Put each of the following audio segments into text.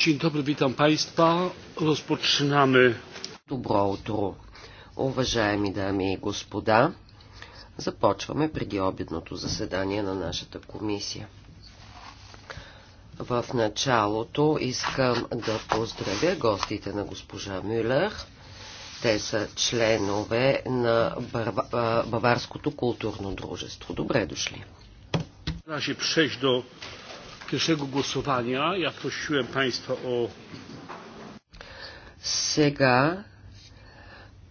Dzień dobry, witam Państwa. Rozpoczynamy. Добро утро, уважаеми дами и господа. Започваме преди обедното заседание на нашата комисия. В началото искам да поздравя гостите на госпожа Мюлер. Те са членове на Баварското културно дружество. Добре дошли. до pierwszego głosowania. Ja prosiłem Państwa o... Сега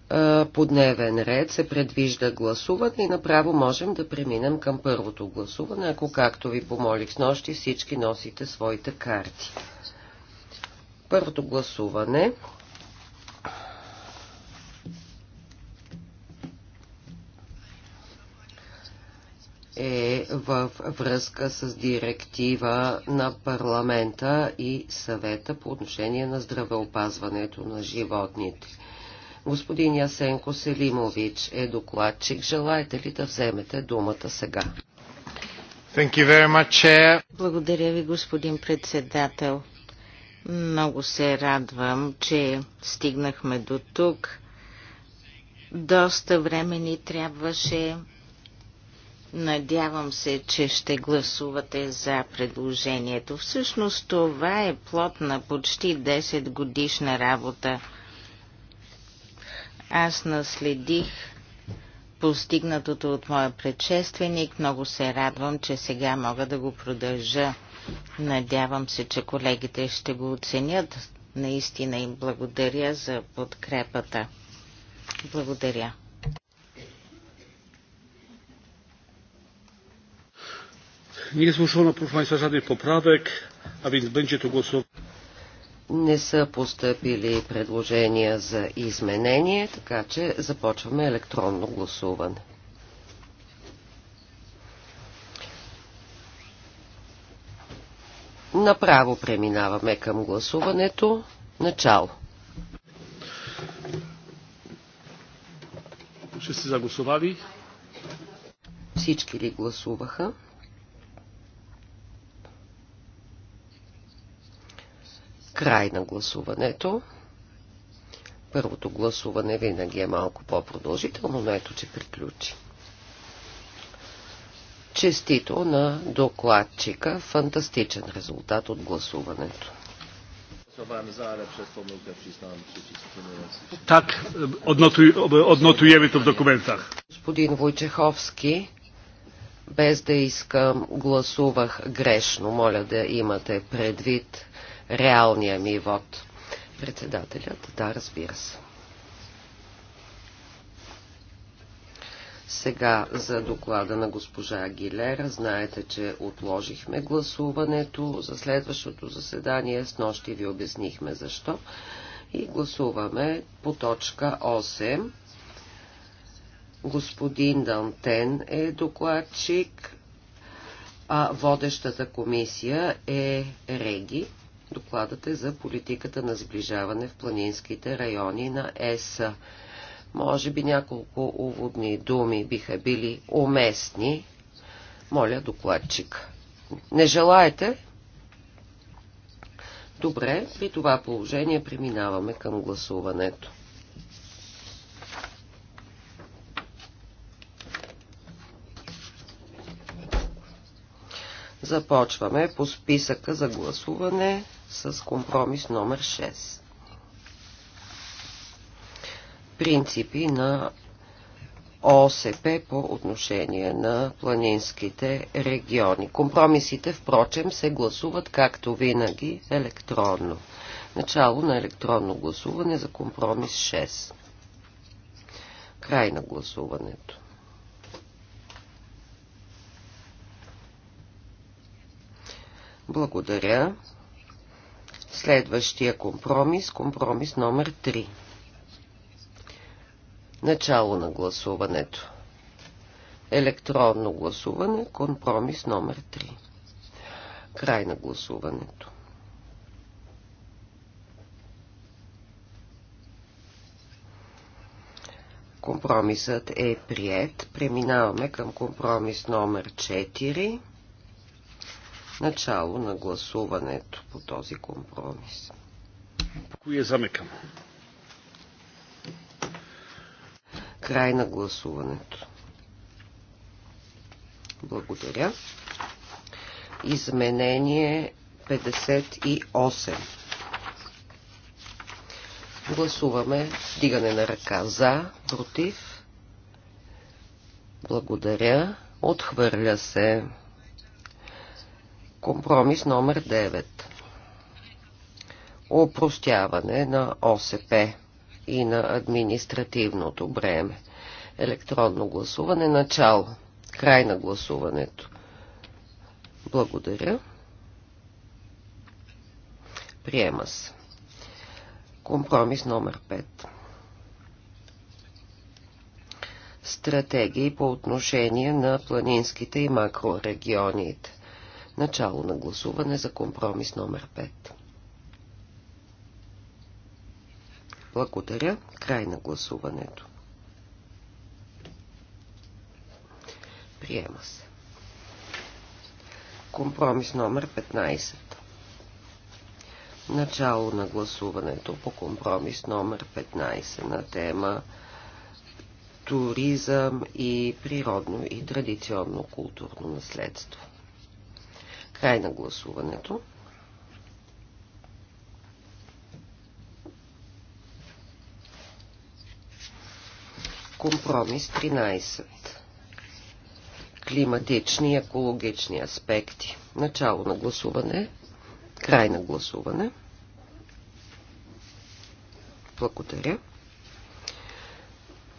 e, по дневен ред се предвижда гласуване и направо можем да преминем към първото гласуване, ако както ви помолих с нощи всички носите своите карти. Първото гласуване е в връзка с директива на парламента и съвета по отношение на здравеопазването на животните. Господин Ясенко Селимович е докладчик. Желаете ли да вземете думата сега? Thank you very much, Благодаря ви, господин председател. Много се радвам, че стигнахме до тук. Доста време ни трябваше Надявам се, че ще гласувате за предложението. Всъщност това е плод на почти 10 годишна работа. Аз наследих постигнатото от моя предшественик. Много се радвам, че сега мога да го продължа. Надявам се, че колегите ще го оценят. Наистина им благодаря за подкрепата. Благодаря. Nie złożono, proszę Państwa, żadnych poprawek, a więc będzie to głosowanie. Не са поступили предложения за изменение, така че започваме електронно гласуване. Направо преминаваме към гласуването. Начало. Ще сте загласували? Всички ли гласуваха? Край на гласуването. Първото гласуване винаги е малко по-продължително, но ето, че приключи. Честито на докладчика. Фантастичен резултат от гласуването. Так, odnotujemy в документах. Господин Войчеховски, без да искам, гласувах грешно. Моля да имате предвид реалния ми вод. Председателят, да, разбира се. Сега за доклада на госпожа Агилера. Знаете, че отложихме гласуването за следващото заседание. С нощи ви обяснихме защо. И гласуваме по точка 8. Господин Дантен е докладчик, а водещата комисия е Реги. Докладът е за политиката на сближаване в планинските райони на ЕС. Може би няколко уводни думи биха били уместни. Моля, докладчик. Не желаете? Добре, при това положение преминаваме към гласуването. Започваме по списъка за гласуване с компромис номер 6. Принципи на ОСП по отношение на планинските региони. Компромисите, впрочем, се гласуват, както винаги, електронно. Начало на електронно гласуване за компромис 6. Край на гласуването. Благодаря. Следващия компромис, компромис номер 3. Начало на гласуването. Електронно гласуване, компромис номер 3. Край на гласуването. Компромисът е прият. Преминаваме към компромис номер 4 начало на гласуването по този компромис. е замекам? Край на гласуването. Благодаря. Изменение 58. Гласуваме дигане на ръка за, против. Благодаря. Отхвърля се. Компромис номер 9. Опростяване на ОСП и на административното бреме. Електронно гласуване. Начало. Край на гласуването. Благодаря. Приема се. Компромис номер 5. Стратегии по отношение на планинските и макрорегионите. Начало на гласуване за компромис номер 5. Благодаря. Край на гласуването. Приема се. Компромис номер 15. Начало на гласуването по компромис номер 15 на тема туризъм и природно и традиционно културно наследство. Край на гласуването. Компромис 13. Климатични и екологични аспекти. Начало на гласуване. Край на гласуване. Благодаря.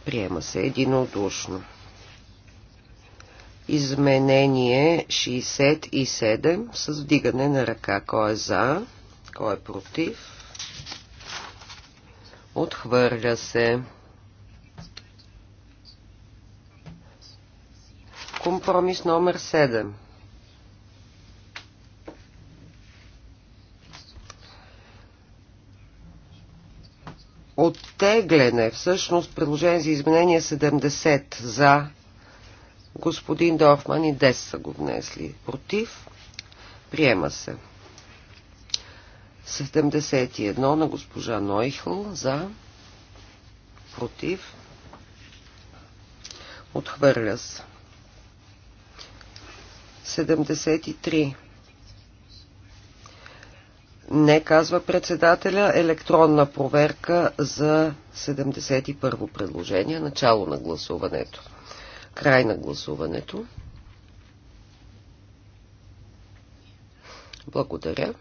Приема се единодушно. Изменение 67 с вдигане на ръка. Кой е за? Кой е против? Отхвърля се. Компромис номер 7. Оттегляне, всъщност, предложение за изменение 70 за Господин Дорфман и Дес са го внесли. Против. Приема се. 71 на госпожа Нойхл. За. Против. Отхвърля се. 73. Не, казва председателя, електронна проверка за 71-во предложение, начало на гласуването. Край на гласуването. Благодаря.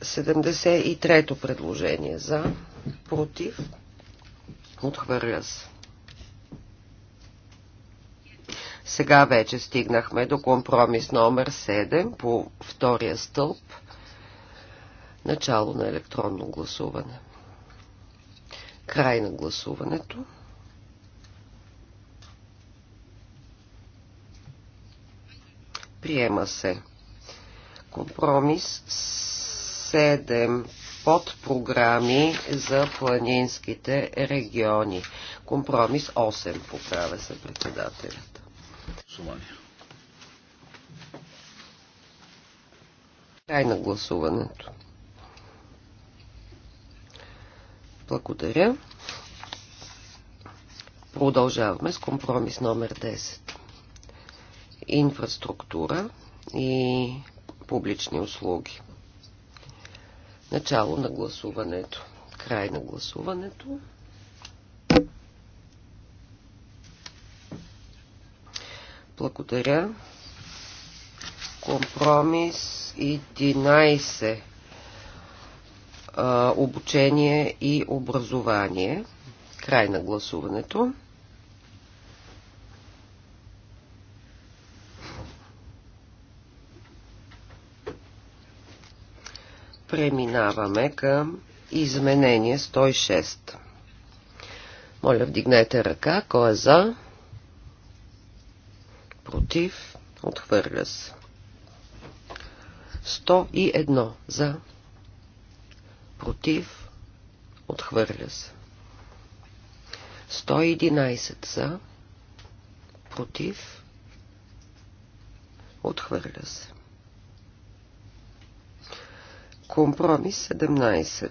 73-то предложение за, против, отхвърля се. Сега вече стигнахме до компромис номер 7 по втория стълб. Начало на електронно гласуване. Край на гласуването. Приема се. Компромис 7 подпрограми за планинските региони. Компромис 8 поправя се председателят. Край на гласуването. Благодаря. Продължаваме с компромис номер 10 инфраструктура и публични услуги. Начало на гласуването. Край на гласуването. Благодаря. Компромис 11. Обучение и образование. Край на гласуването. Преминаваме към изменение 106. Моля, вдигнете ръка. Кой е за? Против? Отхвърля се. 101 за. Против? Отхвърля се. 111 за. Против? Отхвърля се. Компромис 17.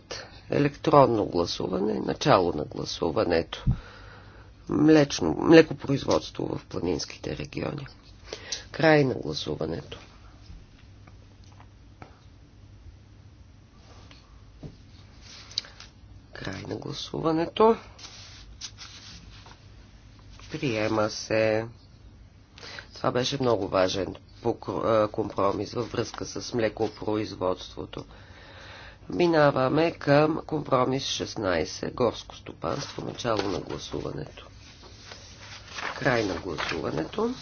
Електронно гласуване. Начало на гласуването. Млечно, млекопроизводство в планинските региони. Край на гласуването. Край на гласуването. Приема се. Това беше много важен е, компромис във връзка с млекопроизводството. Минаваме към компромис 16. Горско стопанство. Начало на гласуването. Край на гласуването.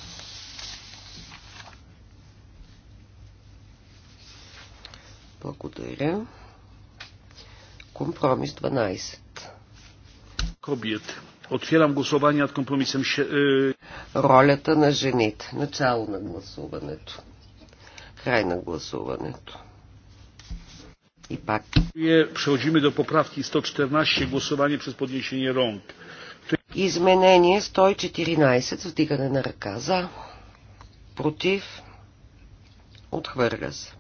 Благодаря. Компромис 12. Kobiet. Otwieram głosowanie nad kompromisem ролята на жените. Начало на гласуването. Край на гласуването. И пак. Преходим до поправки 114, гласуване през поднесение ронг. Изменение 114 вдигане на ръка за, против, отхвърля се.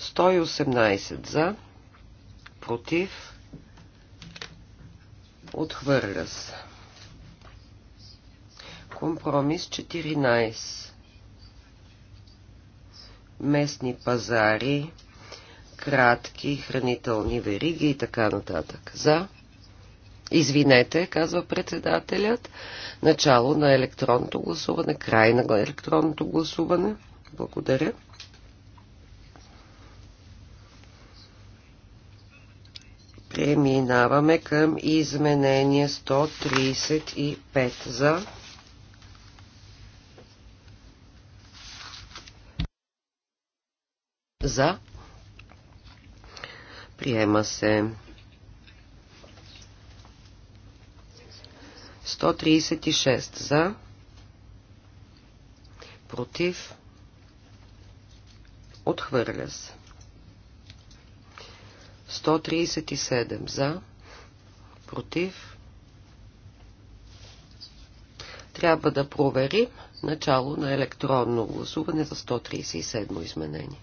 118 за, против, отхвърля се. Компромис 14. Местни пазари, кратки хранителни вериги и така нататък. За. Извинете, казва председателят. Начало на електронното гласуване, край на електронното гласуване. Благодаря. Преминаваме към изменение 135 за За. Приема се. 136 за. Против. Отхвърля се. 137 за. Против. Трябва да проверим начало на електронно гласуване за 137 изменение.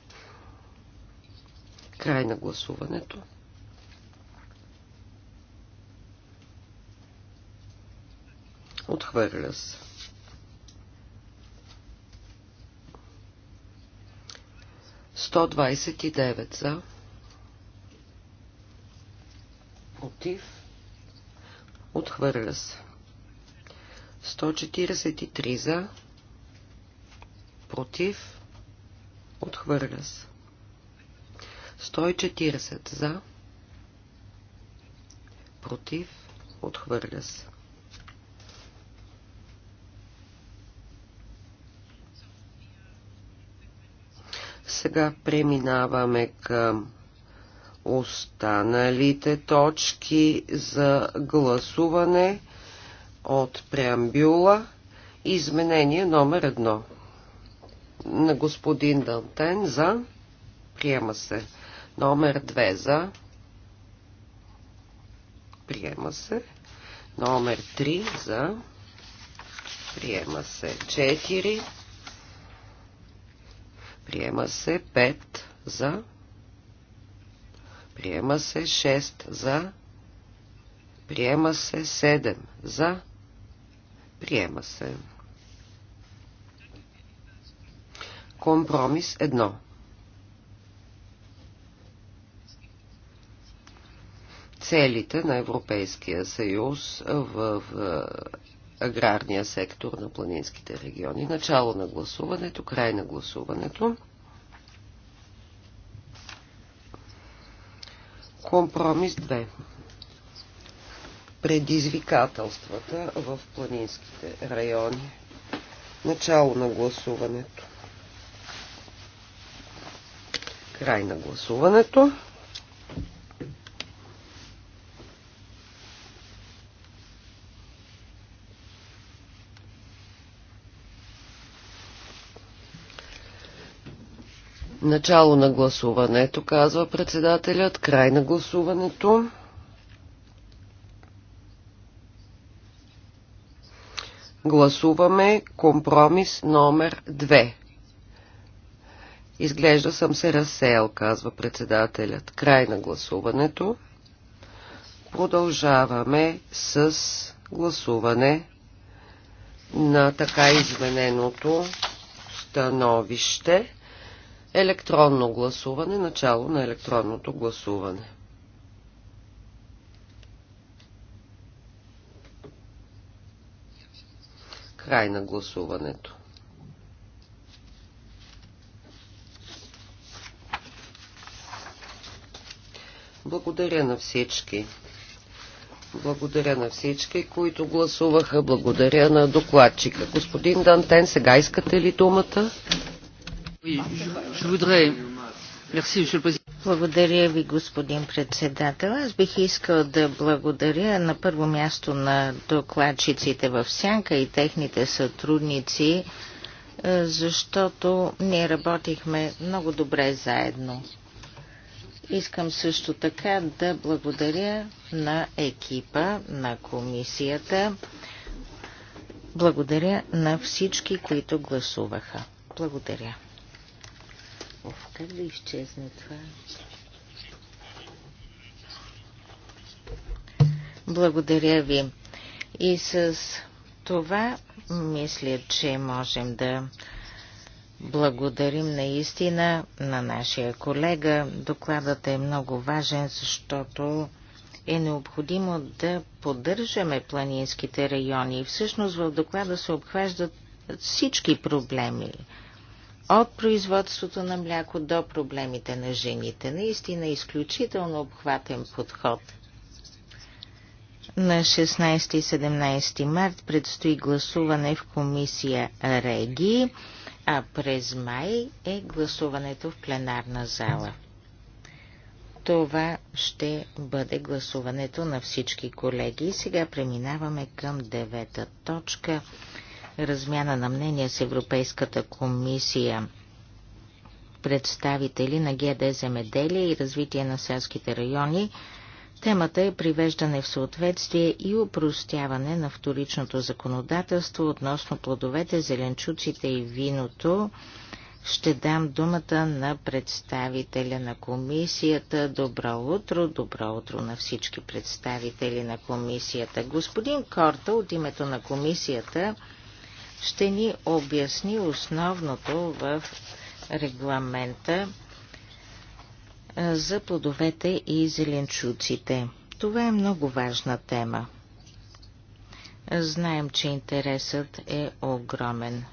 Край на гласуването. Отхвърля се. Сто двадесет и девет за. Против. Отхвърля се. 143 за. Против. Отхвърля се. 140 за, против, отхвърля се. Сега преминаваме към останалите точки за гласуване от преамбюла. Изменение номер едно на господин Дантен за приема се. Номер 2 за. Приема се. Номер 3 за. Приема се 4. Приема се 5 за. Приема се 6 за. Приема се 7 за. Приема се. Компромис 1 целите на Европейския съюз в аграрния сектор на планинските региони. Начало на гласуването, край на гласуването. Компромис 2. Предизвикателствата в планинските райони. Начало на гласуването. Край на гласуването. Начало на гласуването, казва председателят. Край на гласуването. Гласуваме компромис номер 2. Изглежда съм се разсеял, казва председателят. Край на гласуването. Продължаваме с гласуване на така измененото становище електронно гласуване, начало на електронното гласуване. Край на гласуването. Благодаря на всички. Благодаря на всички, които гласуваха. Благодаря на докладчика. Господин Дантен, сега искате ли думата? Благодаря ви, господин председател. Аз бих искал да благодаря на първо място на докладчиците в Сянка и техните сътрудници, е, защото ние работихме много добре заедно. Искам също така да благодаря на екипа, на комисията. Благодаря на всички, които гласуваха. Благодаря. Оф, как да изчезне това? Благодаря ви. И с това мисля, че можем да благодарим наистина на нашия колега. Докладът е много важен, защото е необходимо да поддържаме планинските райони. Всъщност в доклада се обхваждат всички проблеми от производството на мляко до проблемите на жените. Наистина изключително обхватен подход. На 16 и 17 март предстои гласуване в комисия Реги, а през май е гласуването в пленарна зала. Това ще бъде гласуването на всички колеги. Сега преминаваме към девета точка – размяна на мнения с Европейската комисия представители на ГД Земеделие и развитие на селските райони. Темата е привеждане в съответствие и упростяване на вторичното законодателство относно плодовете, зеленчуците и виното. Ще дам думата на представителя на комисията. Добро утро, добро утро на всички представители на комисията. Господин Корта от името на комисията ще ни обясни основното в регламента за плодовете и зеленчуците. Това е много важна тема. Знаем, че интересът е огромен.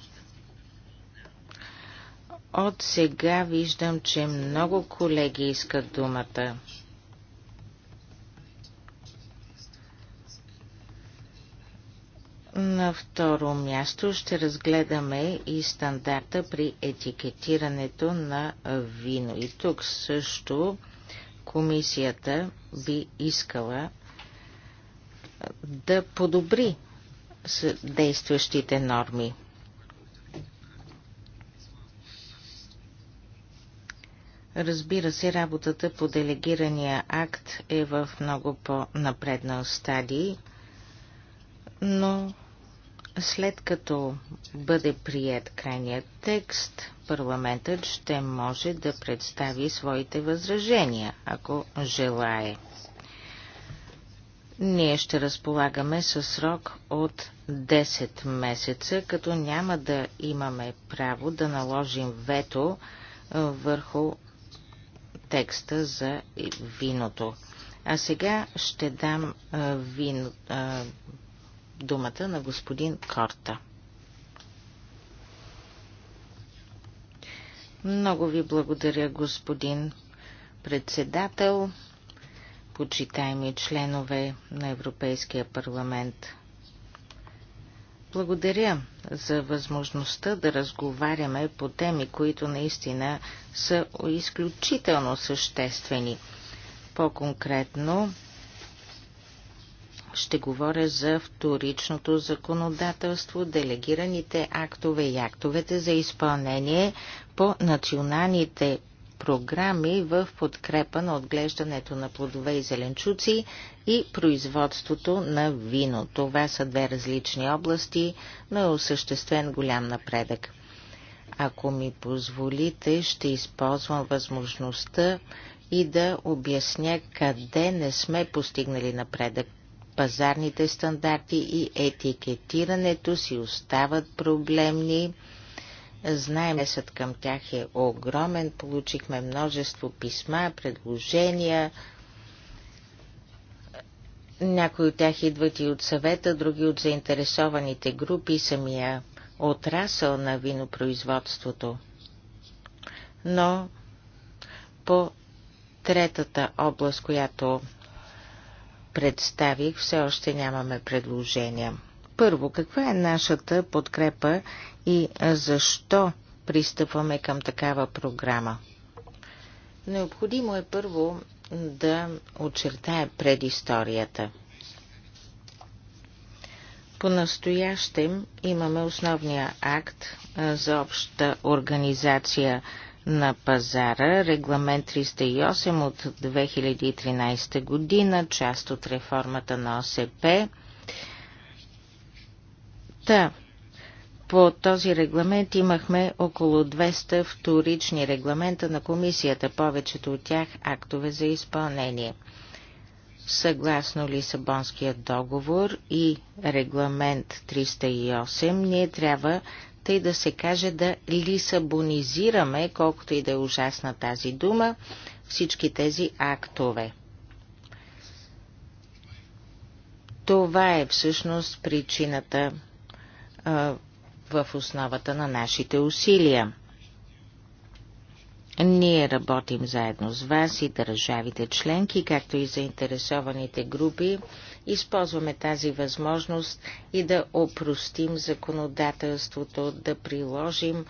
От сега виждам, че много колеги искат думата. На второ място ще разгледаме и стандарта при етикетирането на вино. И тук също комисията би искала да подобри действащите норми. Разбира се, работата по делегирания акт е в много по-напреднал стадий, но след като бъде прият крайният текст, парламентът ще може да представи своите възражения, ако желае. Ние ще разполагаме със срок от 10 месеца, като няма да имаме право да наложим вето върху текста за виното. А сега ще дам вино думата на господин Корта. Много ви благодаря, господин председател, почитаеми членове на Европейския парламент. Благодаря за възможността да разговаряме по теми, които наистина са изключително съществени. По-конкретно, ще говоря за вторичното законодателство, делегираните актове и актовете за изпълнение по националните програми в подкрепа на отглеждането на плодове и зеленчуци и производството на вино. Това са две различни области, но е осъществен голям напредък. Ако ми позволите, ще използвам възможността и да обясня къде не сме постигнали напредък пазарните стандарти и етикетирането си остават проблемни. Знаем, лесът към тях е огромен. Получихме множество писма, предложения. Някои от тях идват и от съвета, други от заинтересованите групи, самия отрасъл на винопроизводството. Но по третата област, която представих, все още нямаме предложения. Първо, каква е нашата подкрепа и защо пристъпваме към такава програма? Необходимо е първо да очертая предисторията. По-настоящем имаме основния акт за обща организация на пазара, регламент 308 от 2013 година, част от реформата на ОСП. Та, по този регламент имахме около 200 вторични регламента на комисията, повечето от тях актове за изпълнение. Съгласно Лисабонския договор и регламент 308, ние трябва тъй да се каже да лисабонизираме, колкото и да е ужасна тази дума, всички тези актове. Това е всъщност причината а, в основата на нашите усилия. Ние работим заедно с вас и държавите членки, както и заинтересованите групи, използваме тази възможност и да опростим законодателството, да приложим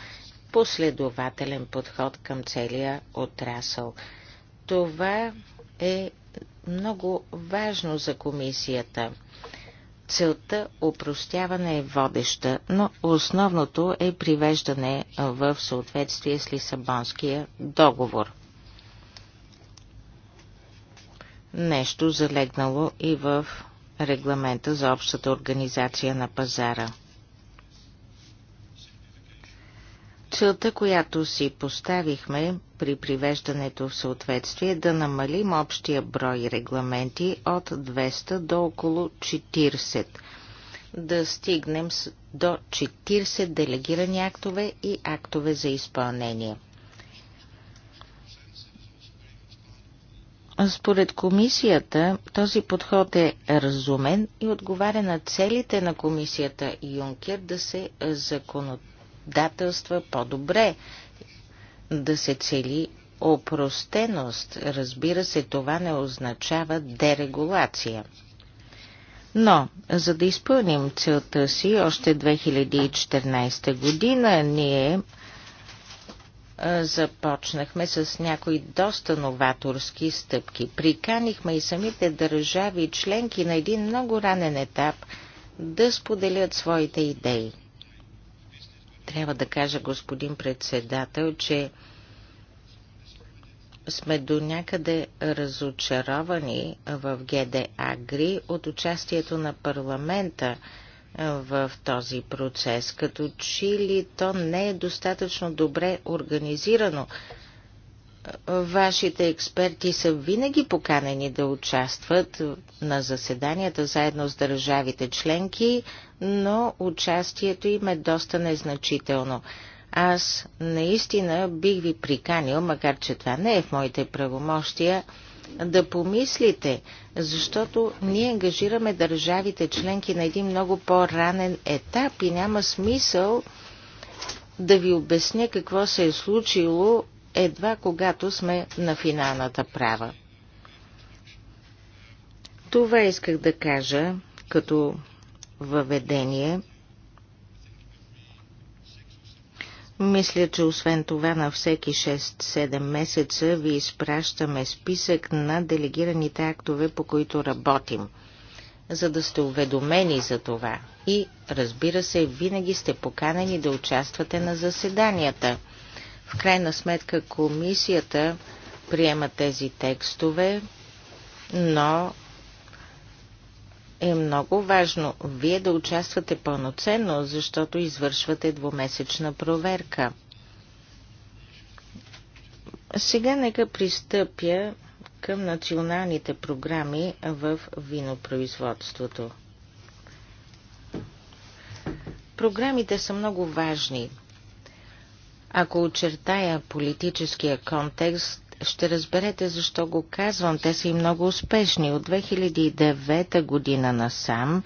последователен подход към целия отрасъл. Това е много важно за комисията. Целта опростяване е водеща, но основното е привеждане в съответствие с Лисабонския договор. нещо залегнало и в регламента за общата организация на пазара. Целта, която си поставихме при привеждането в съответствие е да намалим общия брой регламенти от 200 до около 40, да стигнем до 40 делегирани актове и актове за изпълнение – Според комисията този подход е разумен и отговаря на целите на комисията Юнкер да се законодателства по-добре, да се цели опростеност. Разбира се, това не означава дерегулация. Но, за да изпълним целта си, още 2014 година ние започнахме с някои доста новаторски стъпки. Приканихме и самите държави членки на един много ранен етап да споделят своите идеи. Трябва да кажа, господин председател, че сме до някъде разочаровани в ГД Агри от участието на парламента в този процес. Като че ли то не е достатъчно добре организирано. Вашите експерти са винаги поканени да участват на заседанията заедно с държавите членки, но участието им е доста незначително. Аз наистина бих ви приканил, макар че това не е в моите правомощия, да помислите, защото ние ангажираме държавите членки на един много по-ранен етап и няма смисъл да ви обясня какво се е случило едва когато сме на финалната права. Това исках да кажа като въведение – Мисля, че освен това на всеки 6-7 месеца ви изпращаме списък на делегираните актове, по които работим, за да сте уведомени за това. И, разбира се, винаги сте поканени да участвате на заседанията. В крайна сметка комисията приема тези текстове, но е много важно вие да участвате пълноценно, защото извършвате двумесечна проверка. Сега нека пристъпя към националните програми в винопроизводството. Програмите са много важни. Ако очертая политическия контекст, ще разберете защо го казвам. Те са и много успешни. От 2009 година насам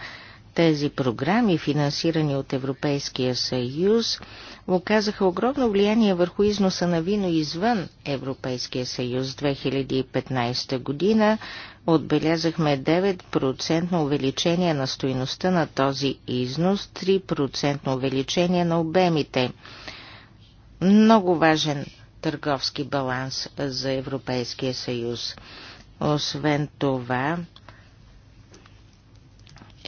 тези програми, финансирани от Европейския съюз, оказаха огромно влияние върху износа на вино извън Европейския съюз. 2015 година отбелязахме 9% увеличение на стоиността на този износ, 3% увеличение на обемите. Много важен търговски баланс за Европейския съюз. Освен това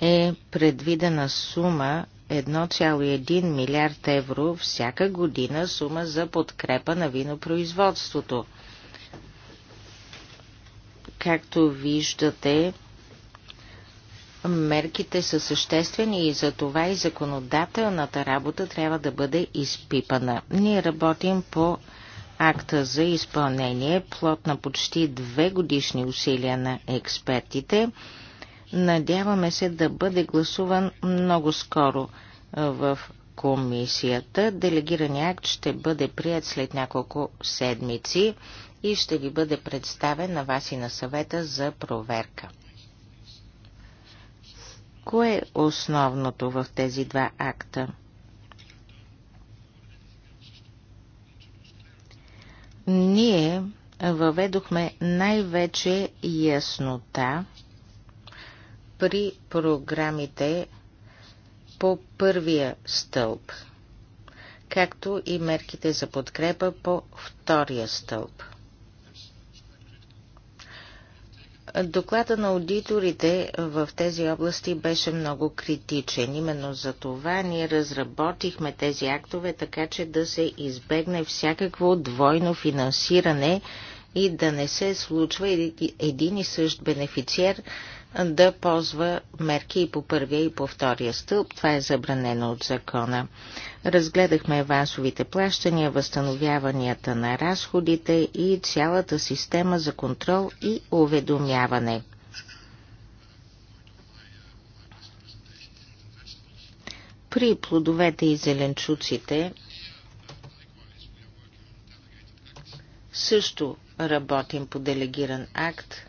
е предвидена сума 1,1 милиард евро всяка година сума за подкрепа на винопроизводството. Както виждате, мерките са съществени и за това и законодателната работа трябва да бъде изпипана. Ние работим по акта за изпълнение, плод на почти две годишни усилия на експертите. Надяваме се да бъде гласуван много скоро в комисията. Делегираният акт ще бъде прият след няколко седмици и ще ви бъде представен на вас и на съвета за проверка. Кое е основното в тези два акта? Ние въведохме най-вече яснота при програмите по първия стълб, както и мерките за подкрепа по втория стълб – Доклада на аудиторите в тези области беше много критичен. Именно за това ние разработихме тези актове, така че да се избегне всякакво двойно финансиране и да не се случва един и същ бенефициер да ползва мерки и по първия и по втория стълб. Това е забранено от закона. Разгледахме авансовите плащания, възстановяванията на разходите и цялата система за контрол и уведомяване. При плодовете и зеленчуците също работим по делегиран акт –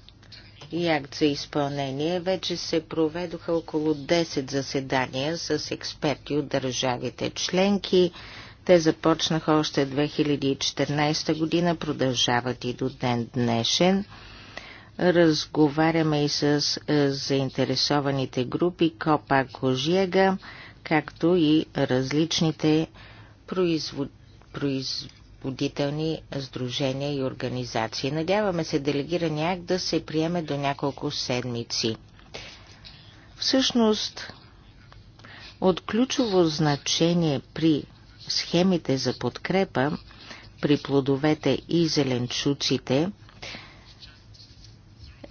и акт за изпълнение, вече се проведоха около 10 заседания с експерти от държавите членки. Те започнаха още 2014 година, продължават и до ден днешен. Разговаряме и с е, заинтересованите групи Копа Кожиега, както и различните производители произ производителни сдружения и организации. Надяваме се делегирания акт да се приеме до няколко седмици. Всъщност, от ключово значение при схемите за подкрепа при плодовете и зеленчуците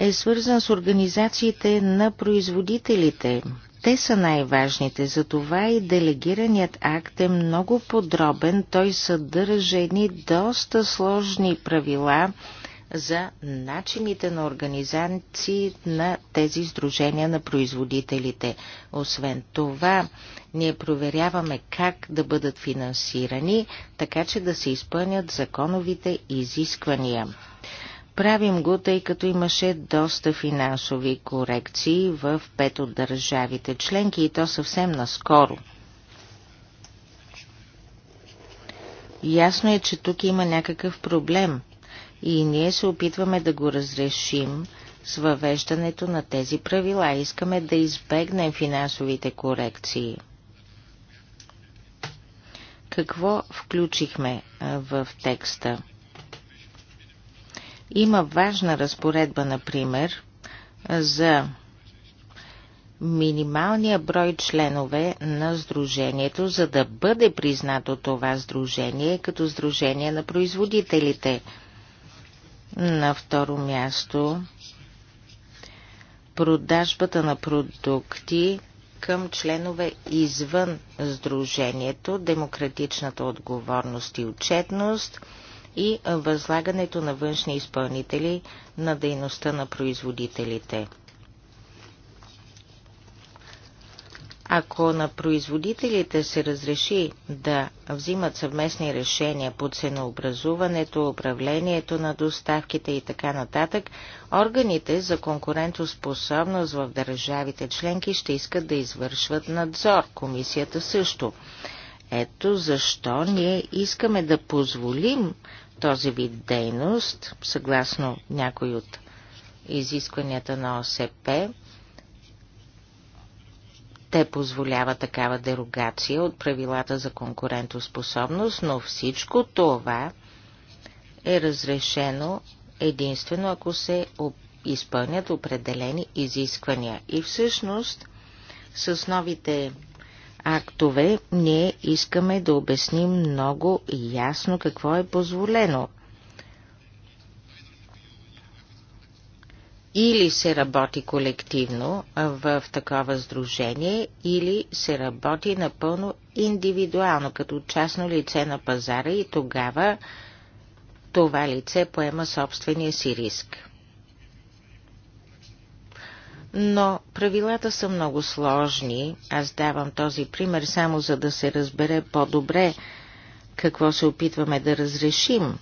е свързан с организациите на производителите – те са най-важните, затова и делегираният акт е много подробен. Той съдържа едни доста сложни правила за начините на организации на тези сдружения на производителите. Освен това, ние проверяваме как да бъдат финансирани, така че да се изпълнят законовите изисквания. Правим го, тъй като имаше доста финансови корекции в пет от държавите членки и то съвсем наскоро. Ясно е, че тук има някакъв проблем и ние се опитваме да го разрешим с въвеждането на тези правила. Искаме да избегнем финансовите корекции. Какво включихме в текста? Има важна разпоредба, например, за минималния брой членове на сдружението, за да бъде признато това сдружение като сдружение на производителите. На второ място продажбата на продукти към членове извън сдружението, демократичната отговорност и отчетност – и възлагането на външни изпълнители на дейността на производителите. Ако на производителите се разреши да взимат съвместни решения по ценообразуването, управлението на доставките и така нататък, органите за конкурентоспособност в държавите членки ще искат да извършват надзор, комисията също. Ето защо ние искаме да позволим този вид дейност, съгласно някои от изискванията на ОСП, те позволява такава дерогация от правилата за конкурентоспособност, но всичко това е разрешено единствено ако се изпълнят определени изисквания. И всъщност с новите актове, ние искаме да обясним много ясно какво е позволено. Или се работи колективно в такова сдружение, или се работи напълно индивидуално, като частно лице на пазара и тогава това лице поема собствения си риск. Но правилата са много сложни. Аз давам този пример само за да се разбере по-добре какво се опитваме да разрешим.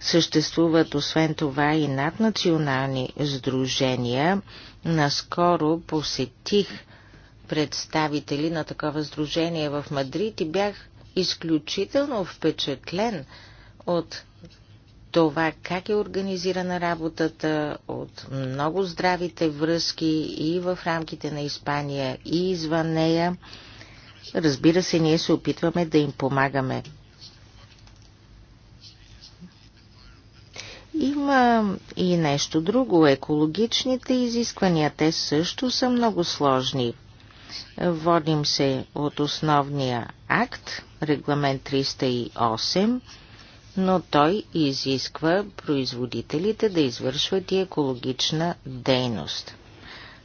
Съществуват освен това и наднационални сдружения. Наскоро посетих представители на такова сдружение в Мадрид и бях изключително впечатлен от това как е организирана работата от много здравите връзки и в рамките на Испания и извън нея. Разбира се, ние се опитваме да им помагаме. Има и нещо друго. Екологичните изисквания, те също са много сложни. Водим се от основния акт, регламент 308, но той изисква производителите да извършват и екологична дейност.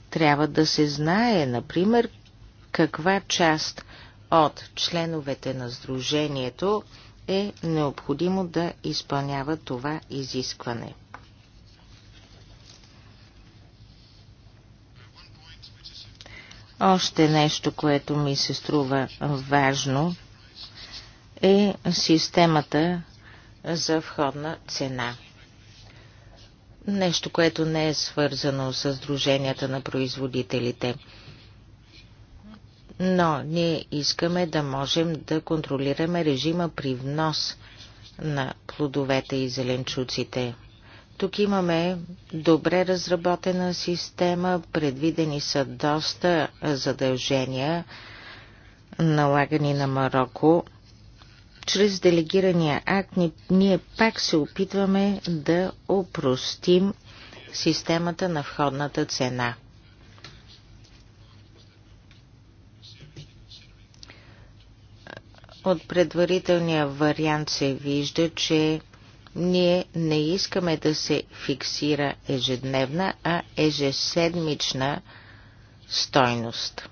Трябва да се знае, например, каква част от членовете на сдружението е необходимо да изпълнява това изискване. Още нещо, което ми се струва важно, е системата за входна цена. Нещо, което не е свързано с друженията на производителите. Но ние искаме да можем да контролираме режима при внос на плодовете и зеленчуците. Тук имаме добре разработена система, предвидени са доста задължения, налагани на Марокко чрез делегирания акт ние пак се опитваме да опростим системата на входната цена. От предварителния вариант се вижда, че ние не искаме да се фиксира ежедневна, а ежеседмична стойност.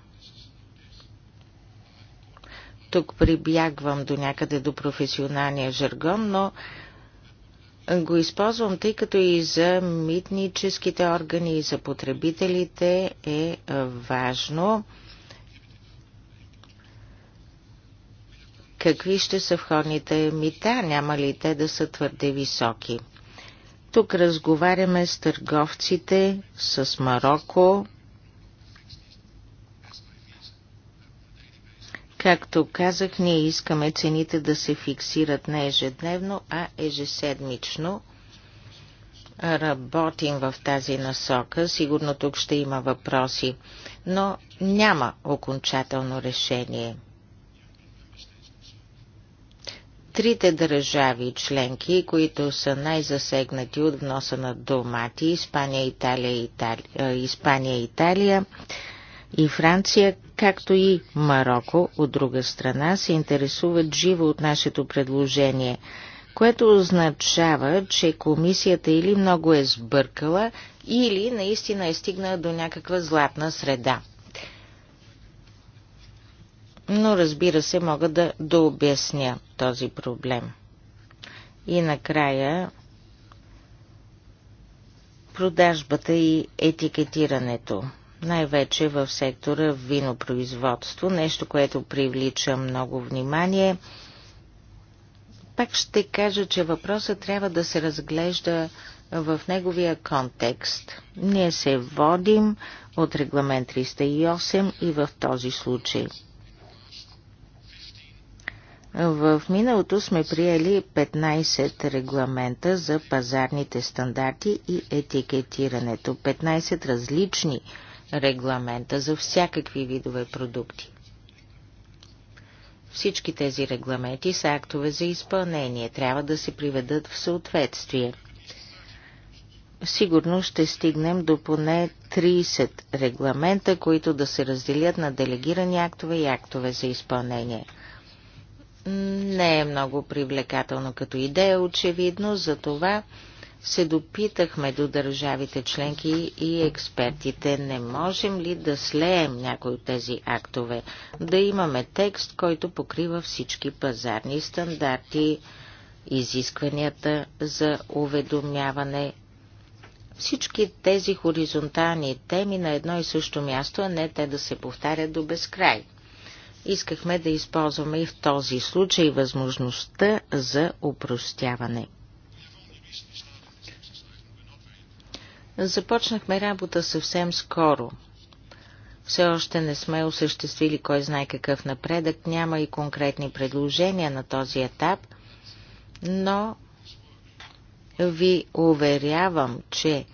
Тук прибягвам до някъде до професионалния жаргон, но го използвам, тъй като и за митническите органи, и за потребителите е важно какви ще са входните мита, няма ли те да са твърде високи. Тук разговаряме с търговците, с Марокко, Както казах, ние искаме цените да се фиксират не ежедневно, а ежеседмично. Работим в тази насока. Сигурно тук ще има въпроси, но няма окончателно решение. Трите държави членки, които са най-засегнати от вноса на домати Испания, Италия, Италия, Испания, Италия и Франция, както и Марокко, от друга страна, се интересуват живо от нашето предложение, което означава, че комисията или много е сбъркала, или наистина е стигнала до някаква златна среда. Но разбира се, мога да, да този проблем. И накрая продажбата и етикетирането най-вече в сектора винопроизводство, нещо, което привлича много внимание. Пак ще кажа, че въпросът трябва да се разглежда в неговия контекст. Ние се водим от регламент 308 и в този случай. В миналото сме приели 15 регламента за пазарните стандарти и етикетирането. 15 различни регламента регламента за всякакви видове продукти. Всички тези регламенти са актове за изпълнение, трябва да се приведат в съответствие. Сигурно ще стигнем до поне 30 регламента, които да се разделят на делегирани актове и актове за изпълнение. Не е много привлекателно като идея, очевидно, за това се допитахме до държавите членки и експертите. Не можем ли да слеем някои от тези актове? Да имаме текст, който покрива всички пазарни стандарти, изискванията за уведомяване, всички тези хоризонтални теми на едно и също място, а не те да се повтарят до безкрай. Искахме да използваме и в този случай възможността за упростяване. Започнахме работа съвсем скоро. Все още не сме осъществили кой знае какъв напредък, няма и конкретни предложения на този етап, но ви уверявам, че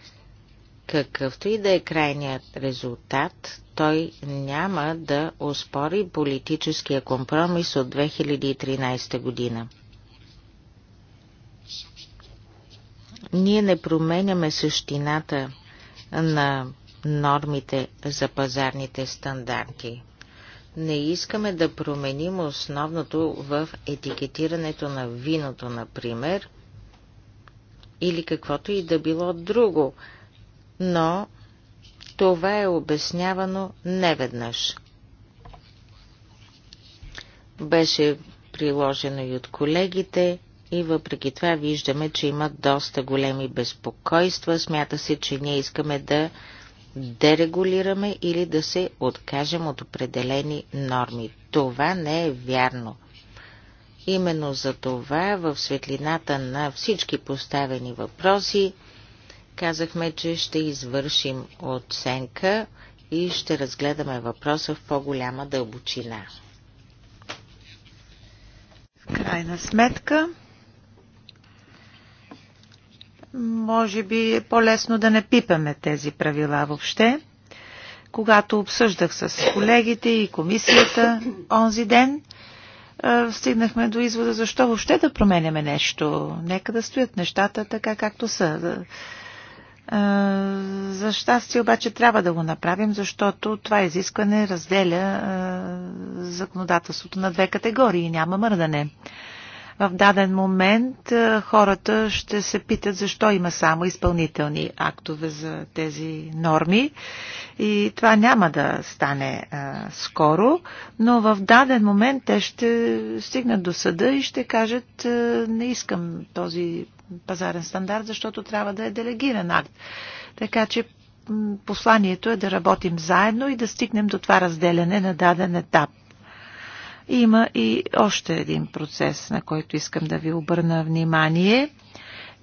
какъвто и да е крайният резултат, той няма да оспори политическия компромис от 2013 година. Ние не променяме същината на нормите за пазарните стандарти. Не искаме да променим основното в етикетирането на виното, например, или каквото и да било друго, но това е обяснявано неведнъж. Беше приложено и от колегите и въпреки това виждаме, че има доста големи безпокойства. Смята се, че ние искаме да дерегулираме или да се откажем от определени норми. Това не е вярно. Именно за това в светлината на всички поставени въпроси казахме, че ще извършим оценка и ще разгледаме въпроса в по-голяма дълбочина. В крайна сметка може би е по-лесно да не пипаме тези правила въобще. Когато обсъждах с колегите и комисията онзи ден, е, стигнахме до извода защо въобще да променяме нещо. Нека да стоят нещата така както са. Е, за щастие обаче трябва да го направим, защото това изискване разделя е, законодателството на две категории. Няма мърдане в даден момент е, хората ще се питат защо има само изпълнителни актове за тези норми. И това няма да стане а, е, скоро, но в даден момент те ще стигнат до съда и ще кажат а, е, не искам този пазарен стандарт, защото трябва да е делегиран акт. Така че посланието е да работим заедно и да стигнем до това разделяне на даден етап. Има и още един процес, на който искам да ви обърна внимание.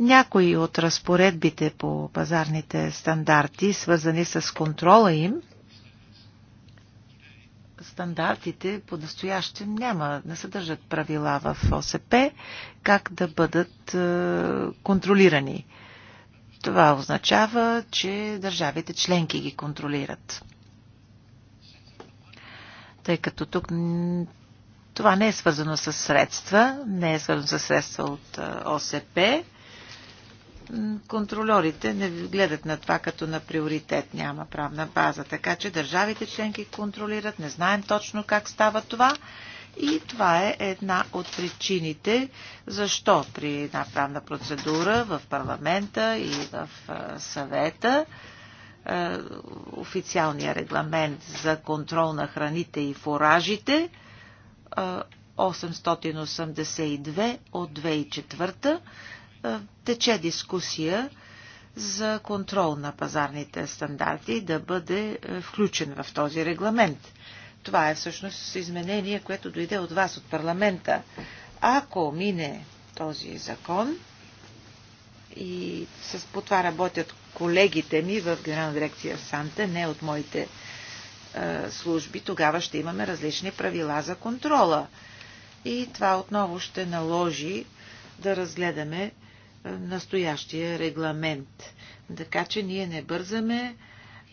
Някои от разпоредбите по пазарните стандарти, свързани с контрола им, стандартите по настояще няма, не съдържат правила в ОСП как да бъдат е, контролирани. Това означава, че държавите членки ги контролират. Тъй като тук това не е свързано с средства, не е свързано с средства от ОСП. Контролерите не гледат на това като на приоритет, няма правна база. Така че държавите членки контролират, не знаем точно как става това. И това е една от причините, защо при една правна процедура в парламента и в съвета официалния регламент за контрол на храните и фуражите – 882 от 2004 тече дискусия за контрол на пазарните стандарти да бъде е, включен в този регламент. Това е всъщност изменение, което дойде от вас, от парламента. Ако мине този закон и с, по това работят колегите ми в Генерална дирекция Санта, не от моите е, служби, тогава ще имаме различни правила за контрола. И това отново ще наложи да разгледаме е, настоящия регламент. Така че ние не бързаме.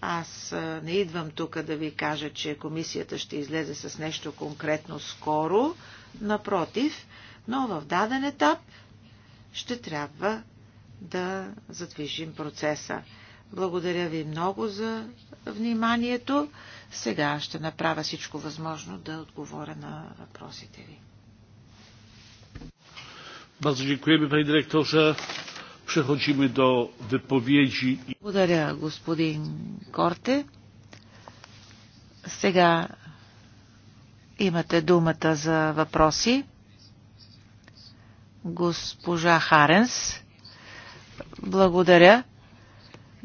Аз е, не идвам тук да ви кажа, че комисията ще излезе с нещо конкретно скоро. Напротив, но в даден етап ще трябва да задвижим процеса. Благодаря ви много за вниманието. Сега ще направя всичко възможно да отговоря на въпросите ви. Bardzo dziękujemy panie dyrektorze. Przechodzimy do wypowiedzi. Благодаря, господин Корте. Сега имате думата за въпроси. Госпожа Харенс. Благодаря.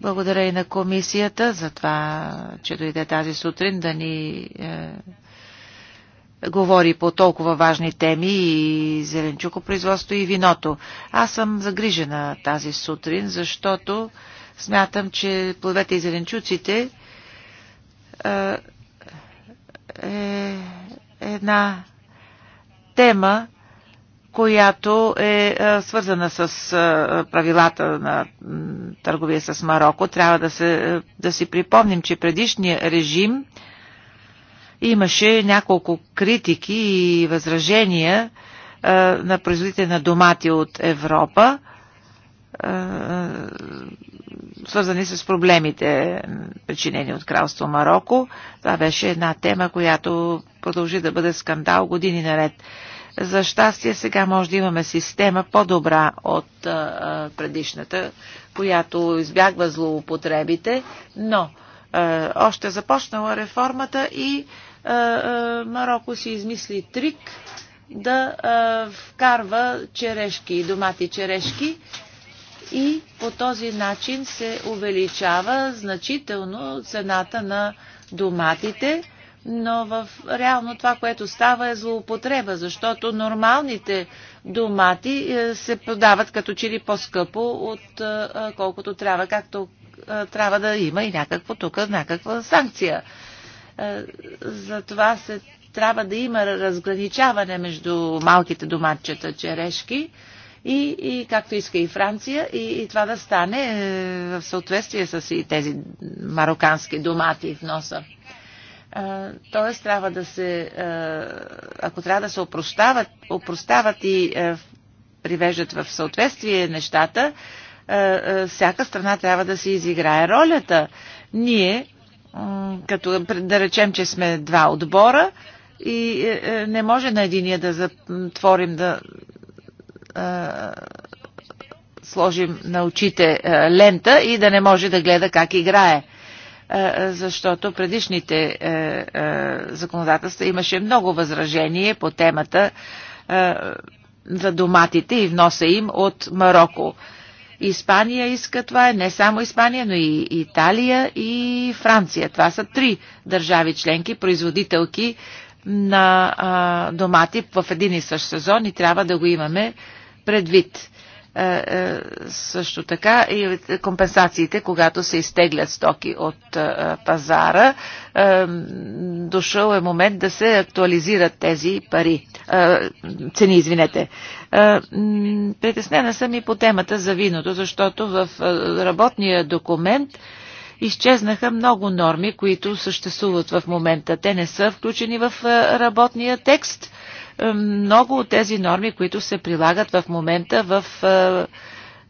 Благодаря и на комисията за това, че дойде тази сутрин да ни е, говори по толкова важни теми и зеленчукопроизводство и виното. Аз съм загрижена тази сутрин, защото смятам, че плодовете и зеленчуците е, е една тема, която е, е свързана с е, правилата на търговия с Марокко. Трябва да, се, е, да си припомним, че предишния режим имаше няколко критики и възражения на производите на домати от Европа, свързани с проблемите, причинени от кралство Марокко. Това беше една тема, която продължи да бъде скандал години наред. За щастие сега може да имаме система по-добра от а, предишната, която избягва злоупотребите, но а, още започнала реформата и а, а, Марокко си измисли трик да а, вкарва черешки, домати черешки и по този начин се увеличава значително цената на доматите но в реално това, което става е злоупотреба, защото нормалните домати е, се продават като чили по-скъпо от е, е, колкото трябва, както трябва да има и някакво тук, някаква санкция. За това се трябва да има разграничаване между малките доматчета черешки и, и както иска и Франция, и, и това да стане в съответствие с и тези марокански домати в носа. Тоест, трябва да се, ако трябва да се опростават, опростават и привеждат в съответствие нещата, всяка страна трябва да се изиграе ролята. Ние, като да речем, че сме два отбора и е, е, не може на единия да затворим да сложим на очите лента и да не може да гледа как играе защото предишните е, е, законодателства имаше много възражение по темата е, за доматите и вноса им от Марокко. Испания иска това, не само Испания, но и Италия и Франция. Това са три държави членки, производителки на домати в един и същ сезон и трябва да го имаме предвид. Е, е, също така и компенсациите, когато се изтеглят стоки от е, пазара. Дошъл е момент да се актуализират тези пари. Цени, извинете. Притеснена съм и по темата за виното, защото в работния документ изчезнаха много норми, които съществуват в момента. Те не са включени в работния текст е, много от тези норми, които се прилагат в момента в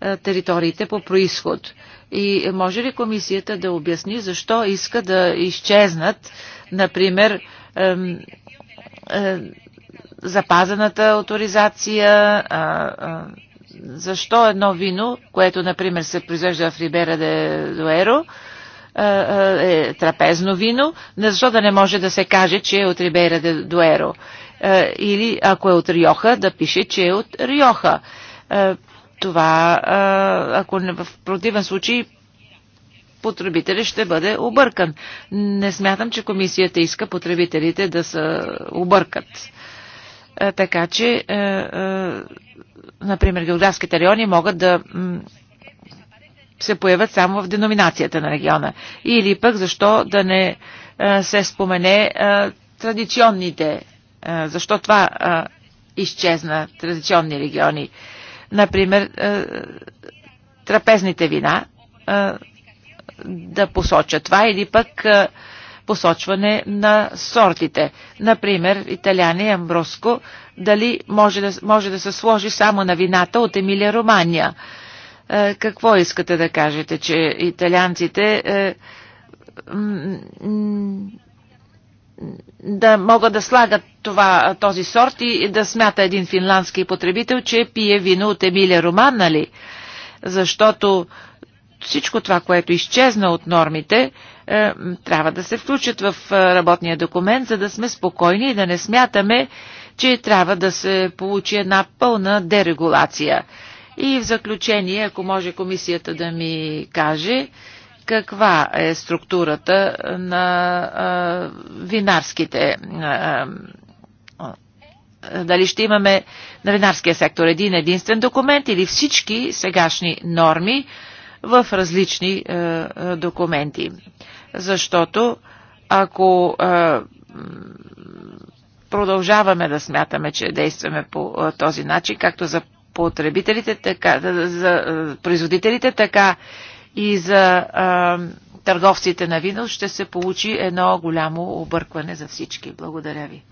е, е, териториите по происход. И може ли комисията да обясни защо иска да изчезнат, например, запазената авторизация, защо едно вино, което, например, се произвежда в Рибера де Дуеро, е трапезно вино, защо да не може да се каже, че е от Рибера де Дуеро? Е, или ако е от Риоха, да пише, че е от Риоха. Е, това, е, ако не в противен случай, потребителят ще бъде объркан. Не смятам, че комисията иска потребителите да се объркат. Така че, например, географските райони могат да се появят само в деноминацията на региона. Или пък защо да не се спомене традиционните защо това изчезна традиционни региони? Например, трапезните вина да посоча това или пък посочване на сортите. Например, италяни Амброско, дали може да, може да се сложи само на вината от Емилия Романия. какво искате да кажете, че италианците е, да могат да слагат това, този сорт и да смята един финландски потребител, че пие вино от Емилия Роман, нали? Защото всичко това, което изчезна от нормите, е, трябва да се включат в е, работния документ, за да сме спокойни и да не смятаме, че трябва да се получи една пълна дерегулация. И в заключение, ако може комисията да ми каже, каква е структурата на винарските дали ще имаме на винарския сектор един единствен документ или всички сегашни норми в различни е, документи. Защото ако е, продължаваме да смятаме, че действаме по е, този начин, както за потребителите, така, за производителите, така и за а, търговците на вино, ще се получи едно голямо объркване за всички. Благодаря ви.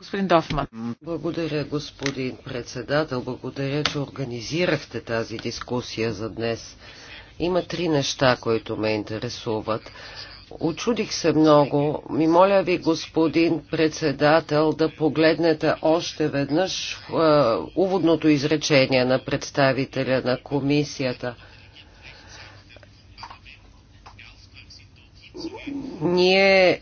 Господин Дофман. Благодаря, господин председател. Благодаря, че организирахте тази дискусия за днес. Има три неща, които ме интересуват. Очудих се много. Ми моля ви, господин председател, да погледнете още веднъж е, уводното изречение на представителя на комисията. Ние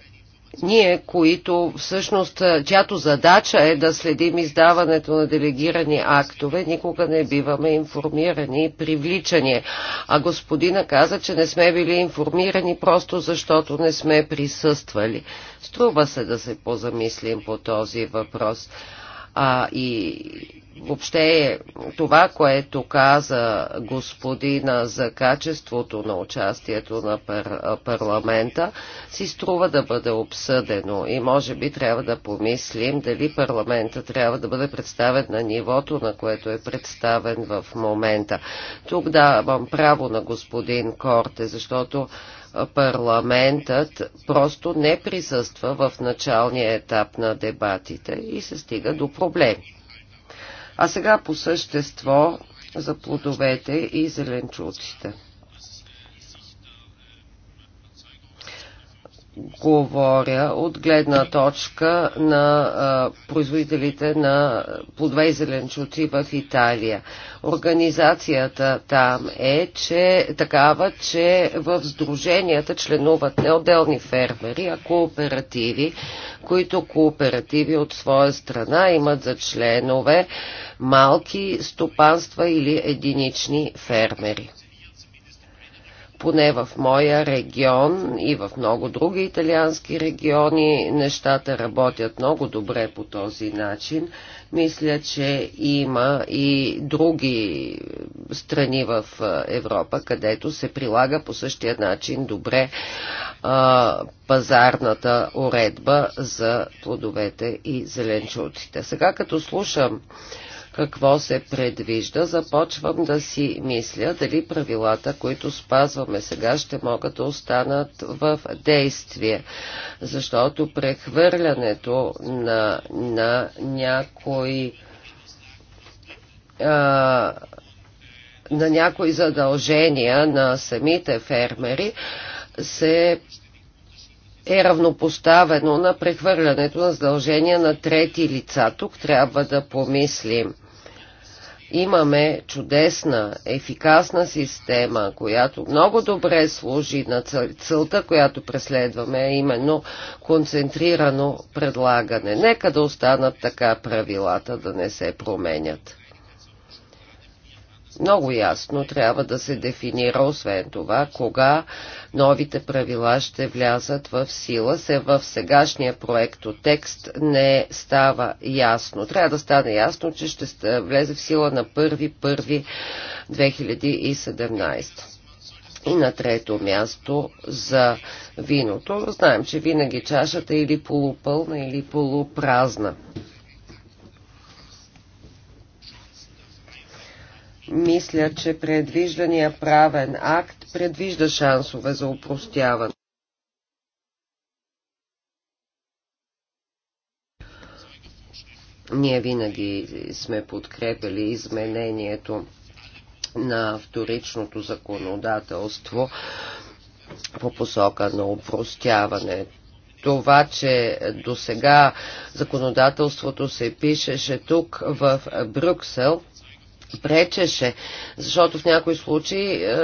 ние, които всъщност, чиято задача е да следим издаването на делегирани актове, никога не биваме информирани и привличани. А господина каза, че не сме били информирани просто защото не сме присъствали. Струва се да се позамислим по този въпрос. А и въобще това, което каза господина за качеството на участието на пар- парламента, си струва да бъде обсъдено и може би трябва да помислим дали парламента трябва да бъде представен на нивото, на което е представен в момента. Тук давам право на господин Корте, защото парламентът просто не присъства в началния етап на дебатите и се стига до проблеми. А сега по същество за плодовете и зеленчуците. говоря от гледна точка на а, производителите на плодове и зеленчуци в Италия. Организацията там е че, такава, че в сдруженията членуват не отделни фермери, а кооперативи, които кооперативи от своя страна имат за членове малки стопанства или единични фермери. Поне в моя регион и в много други италиански региони нещата работят много добре по този начин. Мисля, че има и други страни в Европа, където се прилага по същия начин добре а, пазарната уредба за плодовете и зеленчуците. Сега като слушам какво се предвижда, започвам да си мисля дали правилата, които спазваме сега, ще могат да останат в действие. Защото прехвърлянето на, на някои а, на някои задължения на самите фермери се е равнопоставено на прехвърлянето на задължения на трети лица. Тук трябва да помислим. Имаме чудесна, ефикасна система, която много добре служи на целта, която преследваме, а именно концентрирано предлагане. Нека да останат така правилата, да не се променят. Много ясно трябва да се дефинира, освен това, кога новите правила ще влязат в сила. Се в сегашния проект от текст не става ясно. Трябва да стане ясно, че ще влезе в сила на 1.1.2017. И на трето място за виното. Знаем, че винаги чашата е или полупълна, или полупразна. Мисля, че предвиждания правен акт предвижда шансове за упростяване. Ние винаги сме подкрепили изменението на вторичното законодателство по посока на упростяване. Това, че до сега законодателството се пишеше тук в Брюксел, пречеше, защото в някои случаи е,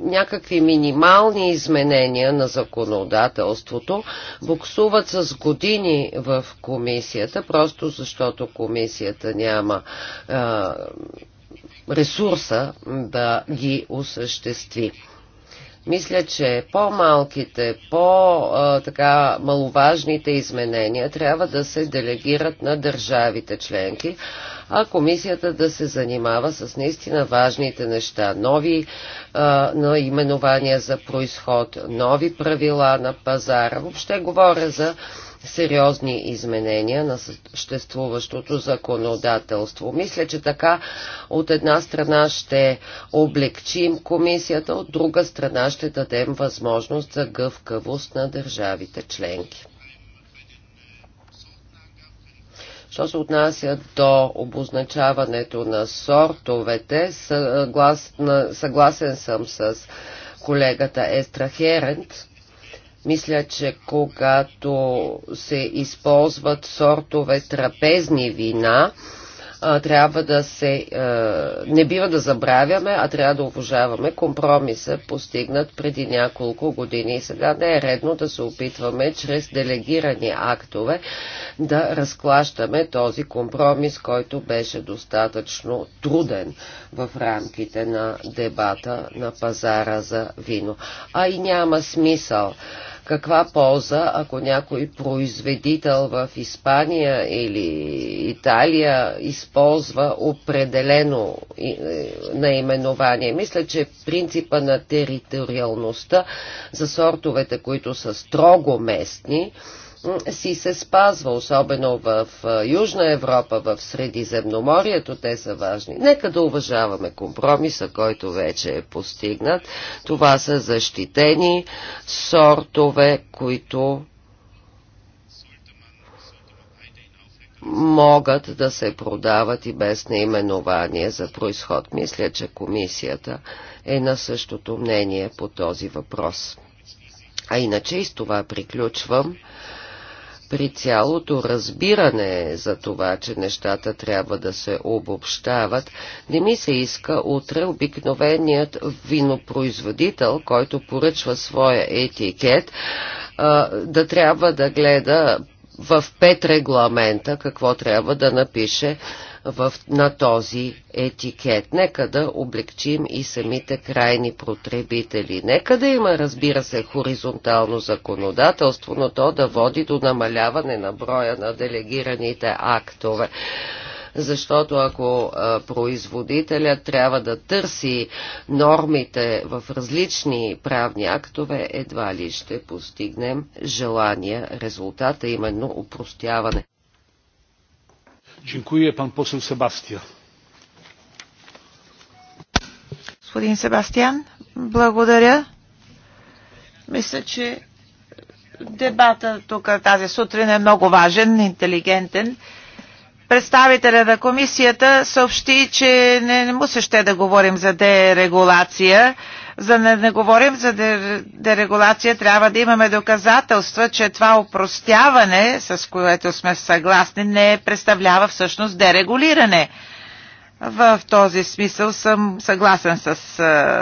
някакви минимални изменения на законодателството буксуват с години в комисията, просто защото комисията няма е, ресурса да ги осъществи. Мисля, че по-малките, по маловажните изменения трябва да се делегират на държавите членки, а комисията да се занимава с наистина важните неща. Нови а, наименования за происход, нови правила на пазара. Въобще говоря за сериозни изменения на съществуващото законодателство. Мисля, че така от една страна ще облегчим комисията, от друга страна ще дадем възможност за гъвкавост на държавите членки. Що се отнася до обозначаването на сортовете, съгласен съм с колегата Естра Херент, мисля, че когато се използват сортове трапезни вина, трябва да се... Не бива да забравяме, а трябва да уважаваме компромиса, постигнат преди няколко години. И сега не е редно да се опитваме чрез делегирани актове да разклащаме този компромис, който беше достатъчно труден в рамките на дебата на пазара за вино. А и няма смисъл. Каква полза, ако някой производител в Испания или Италия използва определено е, наименование? Мисля, че принципа на териториалността за сортовете, които са строго местни, си се спазва, особено в Южна Европа, в Средиземноморието, те са важни. Нека да уважаваме компромиса, който вече е постигнат. Това са защитени сортове, които могат да се продават и без наименование за происход. Мисля, че комисията е на същото мнение по този въпрос. А иначе и с това приключвам при цялото разбиране за това, че нещата трябва да се обобщават, не ми се иска утре обикновеният винопроизводител, който поръчва своя етикет, да трябва да гледа в пет регламента какво трябва да напише в, на този етикет. Нека да облегчим и самите крайни потребители. Нека да има, разбира се, хоризонтално законодателство, но то да води до намаляване на броя на делегираните актове защото ако а, производителят трябва да търси нормите в различни правни актове, едва ли ще постигнем желания резултата, именно упростяване. Господин Себастиан, благодаря. Мисля, че дебата тук тази сутрин е много важен, интелигентен представителя на комисията съобщи, че не, не му се ще да говорим за дерегулация. За да не говорим за дерегулация, трябва да имаме доказателства, че това упростяване, с което сме съгласни, не представлява всъщност дерегулиране. В този смисъл съм съгласен с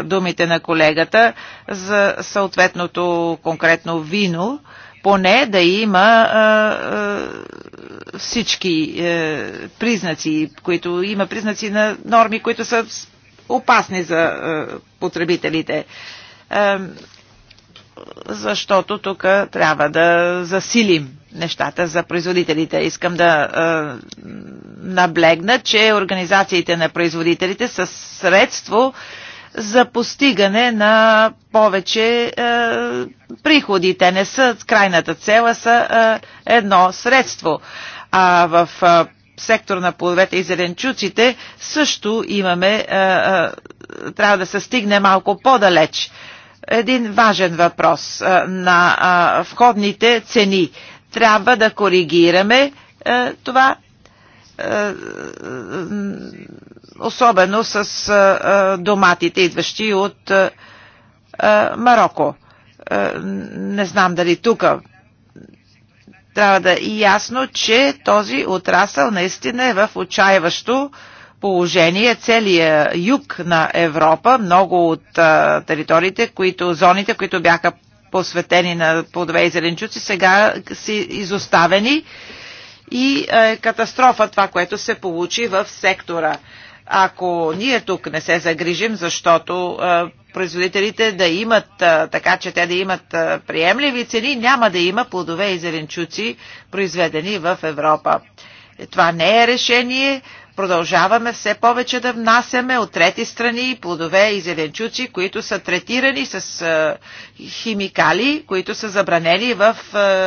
думите на колегата за съответното конкретно вино поне да има всички е, признаци, които има признаци на норми, които са опасни за е, потребителите е, защото тук трябва да засилим нещата за производителите. Искам да а, наблегна, че организациите на производителите са средство за постигане на повече е, приходи. Те не са крайната цела, са е, едно средство. А в е, сектор на плодовете и зеленчуците също имаме, е, е, трябва да се стигне малко по-далеч. Един важен въпрос е, на е, входните цени. Трябва да коригираме е, това е, е, особено с доматите, идващи от Марокко. Не знам дали тук трябва да е ясно, че този отрасъл наистина е в отчаяващо положение. Целият юг на Европа, много от а, териториите, които, зоните, които бяха посветени на плодове и зеленчуци, сега са изоставени и е катастрофа това, което се получи в сектора ако ние тук не се загрижим, защото производителите да имат, така че те да имат приемливи цени, няма да има плодове и зеленчуци, произведени в Европа. Е, това не е решение, Продължаваме все повече да внасяме от трети страни плодове и зеленчуци, които са третирани с химикали, които са забранени в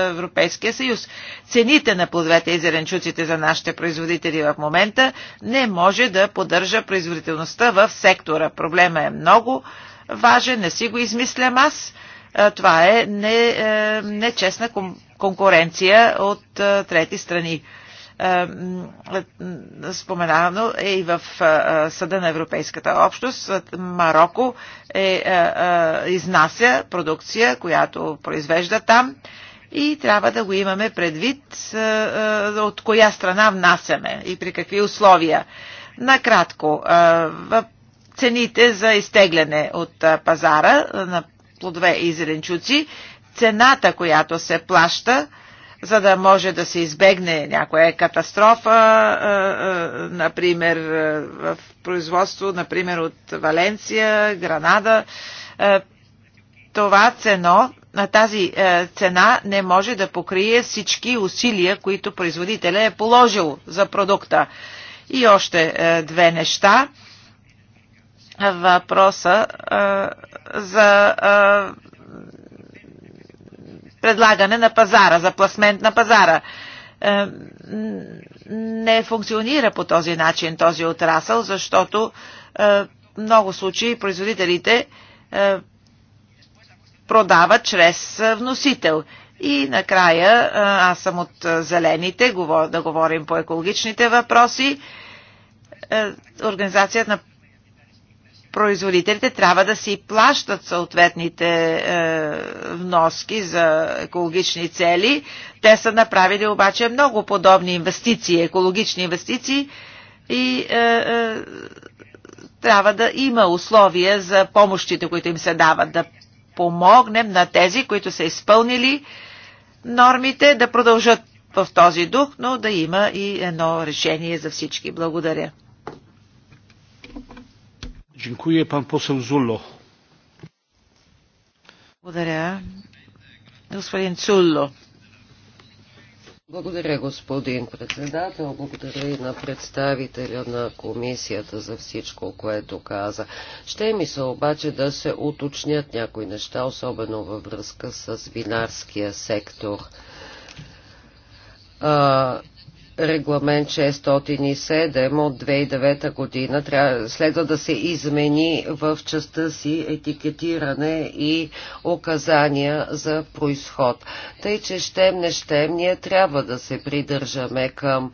Европейския съюз. Цените на плодовете и зеленчуците за нашите производители в момента не може да поддържа производителността в сектора. Проблема е много важен, не си го измислям аз. Това е, е нечестна не конкуренция от трети страни споменавано е и в Съда на Европейската общност. Марокко е, изнася продукция, която произвежда там и трябва да го имаме предвид от коя страна внасяме и при какви условия. Накратко, цените за изтегляне от пазара на плодове и зеленчуци, цената, която се плаща, за да може да се избегне някоя катастрофа, например в производство, например от Валенция, Гранада. Това цено, тази цена не може да покрие всички усилия, които производителя е положил за продукта. И още две неща въпроса за предлагане на пазара, за пласмент на пазара. Е, не функционира по този начин този отрасъл, защото е, много случаи производителите е, продават чрез вносител. И накрая, аз съм от зелените, да говорим по екологичните въпроси. Организацията на производителите трябва да си плащат съответните е, вноски за екологични цели. Те са направили обаче много подобни инвестиции, екологични инвестиции и е, е, трябва да има условия за помощите, които им се дават, да помогнем на тези, които са изпълнили нормите, да продължат в този дух, но да има и едно решение за всички. Благодаря. Благодаря. Господин Цулло. Благодаря, господин председател. Благодаря и на представителя на комисията за всичко, което каза. Ще ми се обаче да се уточнят някои неща, особено във връзка с винарския сектор. А, регламент 607 от 2009 година трябва, следва да се измени в частта си етикетиране и указания за происход. Тъй, че щем не щем, ние трябва да се придържаме към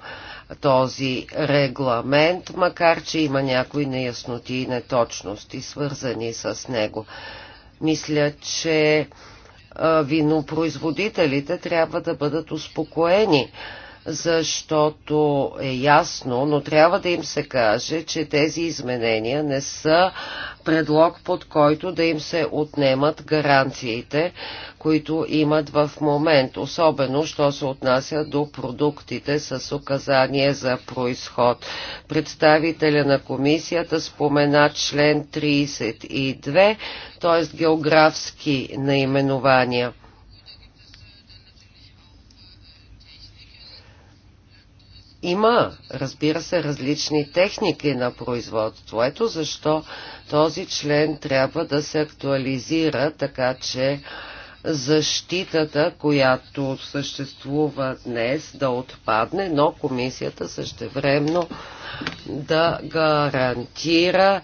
този регламент, макар че има някои неясноти и неточности, свързани с него. Мисля, че винопроизводителите трябва да бъдат успокоени защото е ясно, но трябва да им се каже, че тези изменения не са предлог, под който да им се отнемат гаранциите, които имат в момент, особено, що се отнася до продуктите с указание за происход. Представителя на комисията спомена член 32, т.е. географски наименования. Има, разбира се, различни техники на производство. Ето защо този член трябва да се актуализира, така че защитата, която съществува днес, да отпадне, но комисията същевременно да гарантира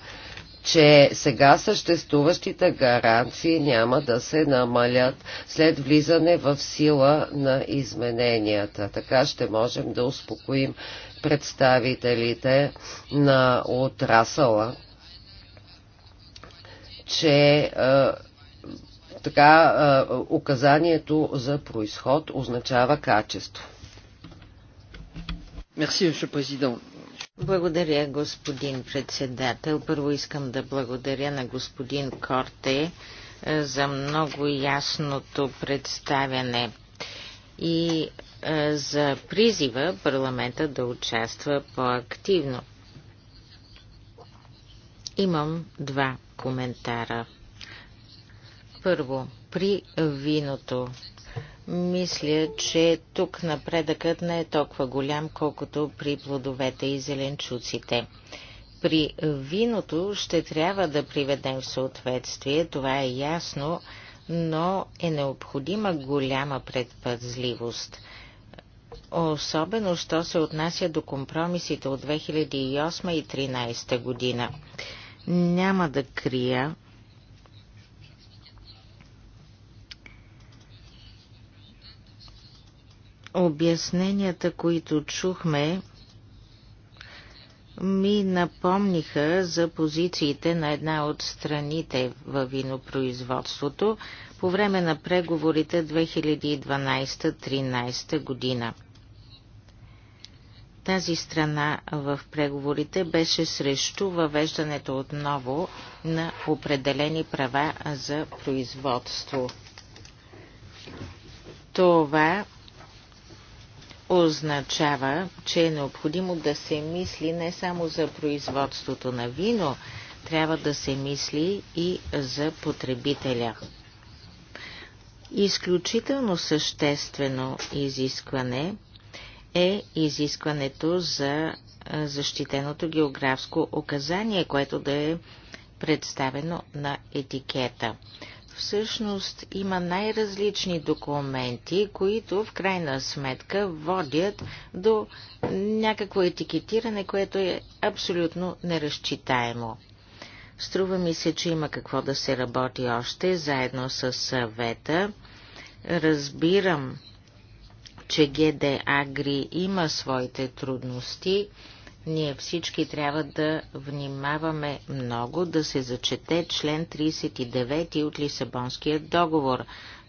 че сега съществуващите гаранции няма да се намалят след влизане в сила на измененията. Така ще можем да успокоим представителите на отрасъла, че така указанието за происход означава качество. Merci, monsieur le président. Благодаря, господин председател. Първо искам да благодаря на господин Корте е, за много ясното представяне и е, за призива парламента да участва по-активно. Имам два коментара. Първо, при виното мисля, че тук напредъкът не е толкова голям, колкото при плодовете и зеленчуците. При виното ще трябва да приведем в съответствие, това е ясно, но е необходима голяма предпазливост. Особено, що се отнася до компромисите от 2008 и 2013 година. Няма да крия, Обясненията, които чухме, ми напомниха за позициите на една от страните във винопроизводството по време на преговорите 2012-13 година. Тази страна в преговорите беше срещу въвеждането отново на определени права за производство. Това означава, че е необходимо да се мисли не само за производството на вино, трябва да се мисли и за потребителя. Изключително съществено изискване е изискването за защитеното географско указание, което да е представено на етикета всъщност има най-различни документи, които в крайна сметка водят до някакво етикетиране, което е абсолютно неразчитаемо. Струва ми се, че има какво да се работи още заедно с съвета. Разбирам, че ГД Агри има своите трудности, ние всички трябва да внимаваме много да се зачете член 39 от Лисабонския договор.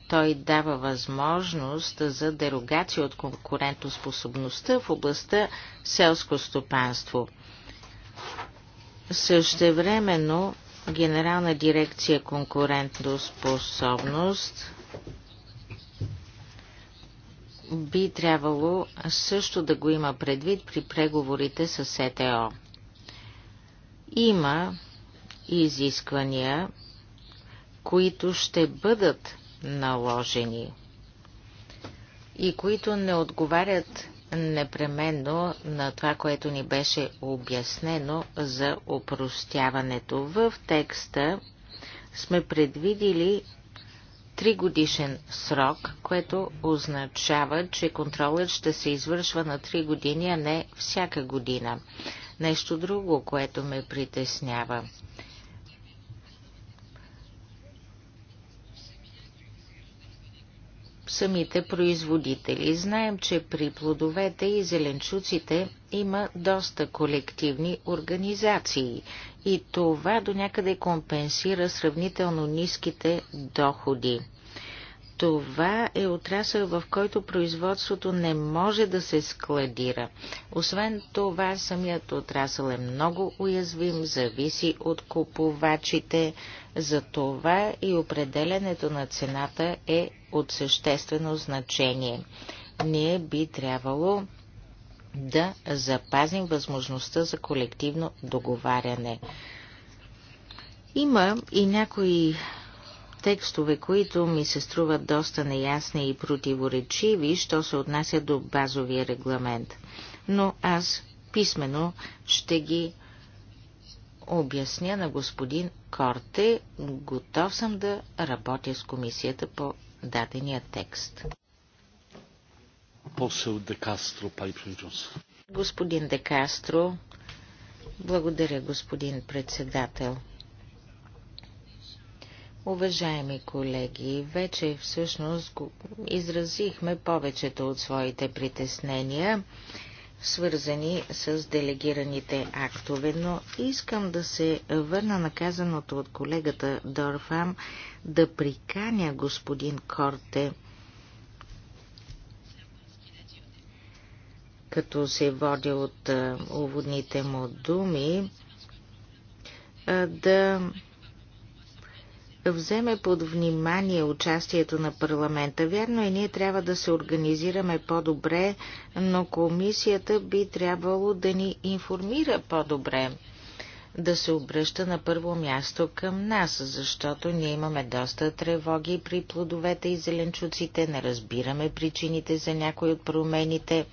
Той дава възможност за дерогация от конкурентоспособността в областта селско стопанство. Същевременно Генерална дирекция конкурентоспособност би трябвало също да го има предвид при преговорите с СТО. Има изисквания, които ще бъдат наложени и които не отговарят непременно на това, което ни беше обяснено за опростяването. В текста сме предвидили тригодишен срок, което означава, че контролът ще се извършва на три години, а не всяка година. Нещо друго, което ме притеснява. Самите производители. Знаем, че при плодовете и зеленчуците има доста колективни организации и това до някъде компенсира сравнително ниските доходи. Това е отрасъл, в който производството не може да се складира. Освен това, самият отрасъл е много уязвим, зависи от купувачите. За това и определенето на цената е от съществено значение. Ние би трябвало да запазим възможността за колективно договаряне. Има и някои текстове, които ми се струват доста неясни и противоречиви, що се отнася до базовия регламент. Но аз писменно ще ги обясня на господин Корте. Готов съм да работя с комисията по дадения текст. Посел Де Кастро, пани Господин Де Кастро, благодаря, господин председател. Уважаеми колеги, вече всъщност изразихме повечето от своите притеснения, свързани с делегираните актове, но искам да се върна на казаното от колегата Дорфам да приканя господин Корте – като се води от уводните му думи, да вземе под внимание участието на парламента. Вярно е, ние трябва да се организираме по-добре, но комисията би трябвало да ни информира по-добре, да се обръща на първо място към нас, защото ние имаме доста тревоги при плодовете и зеленчуците, не разбираме причините за някои от промените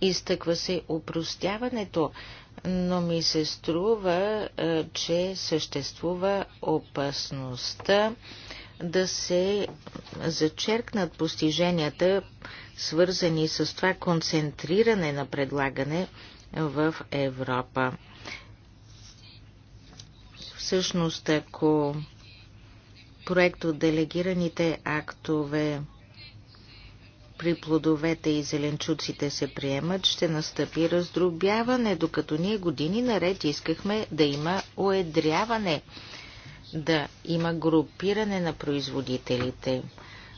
Изтъква се опростяването, но ми се струва, че съществува опасността да се зачеркнат постиженията, свързани с това концентриране на предлагане в Европа. Всъщност, ако проект от делегираните актове при плодовете и зеленчуците се приемат, ще настъпи раздробяване, докато ние години наред искахме да има уедряване, да има групиране на производителите.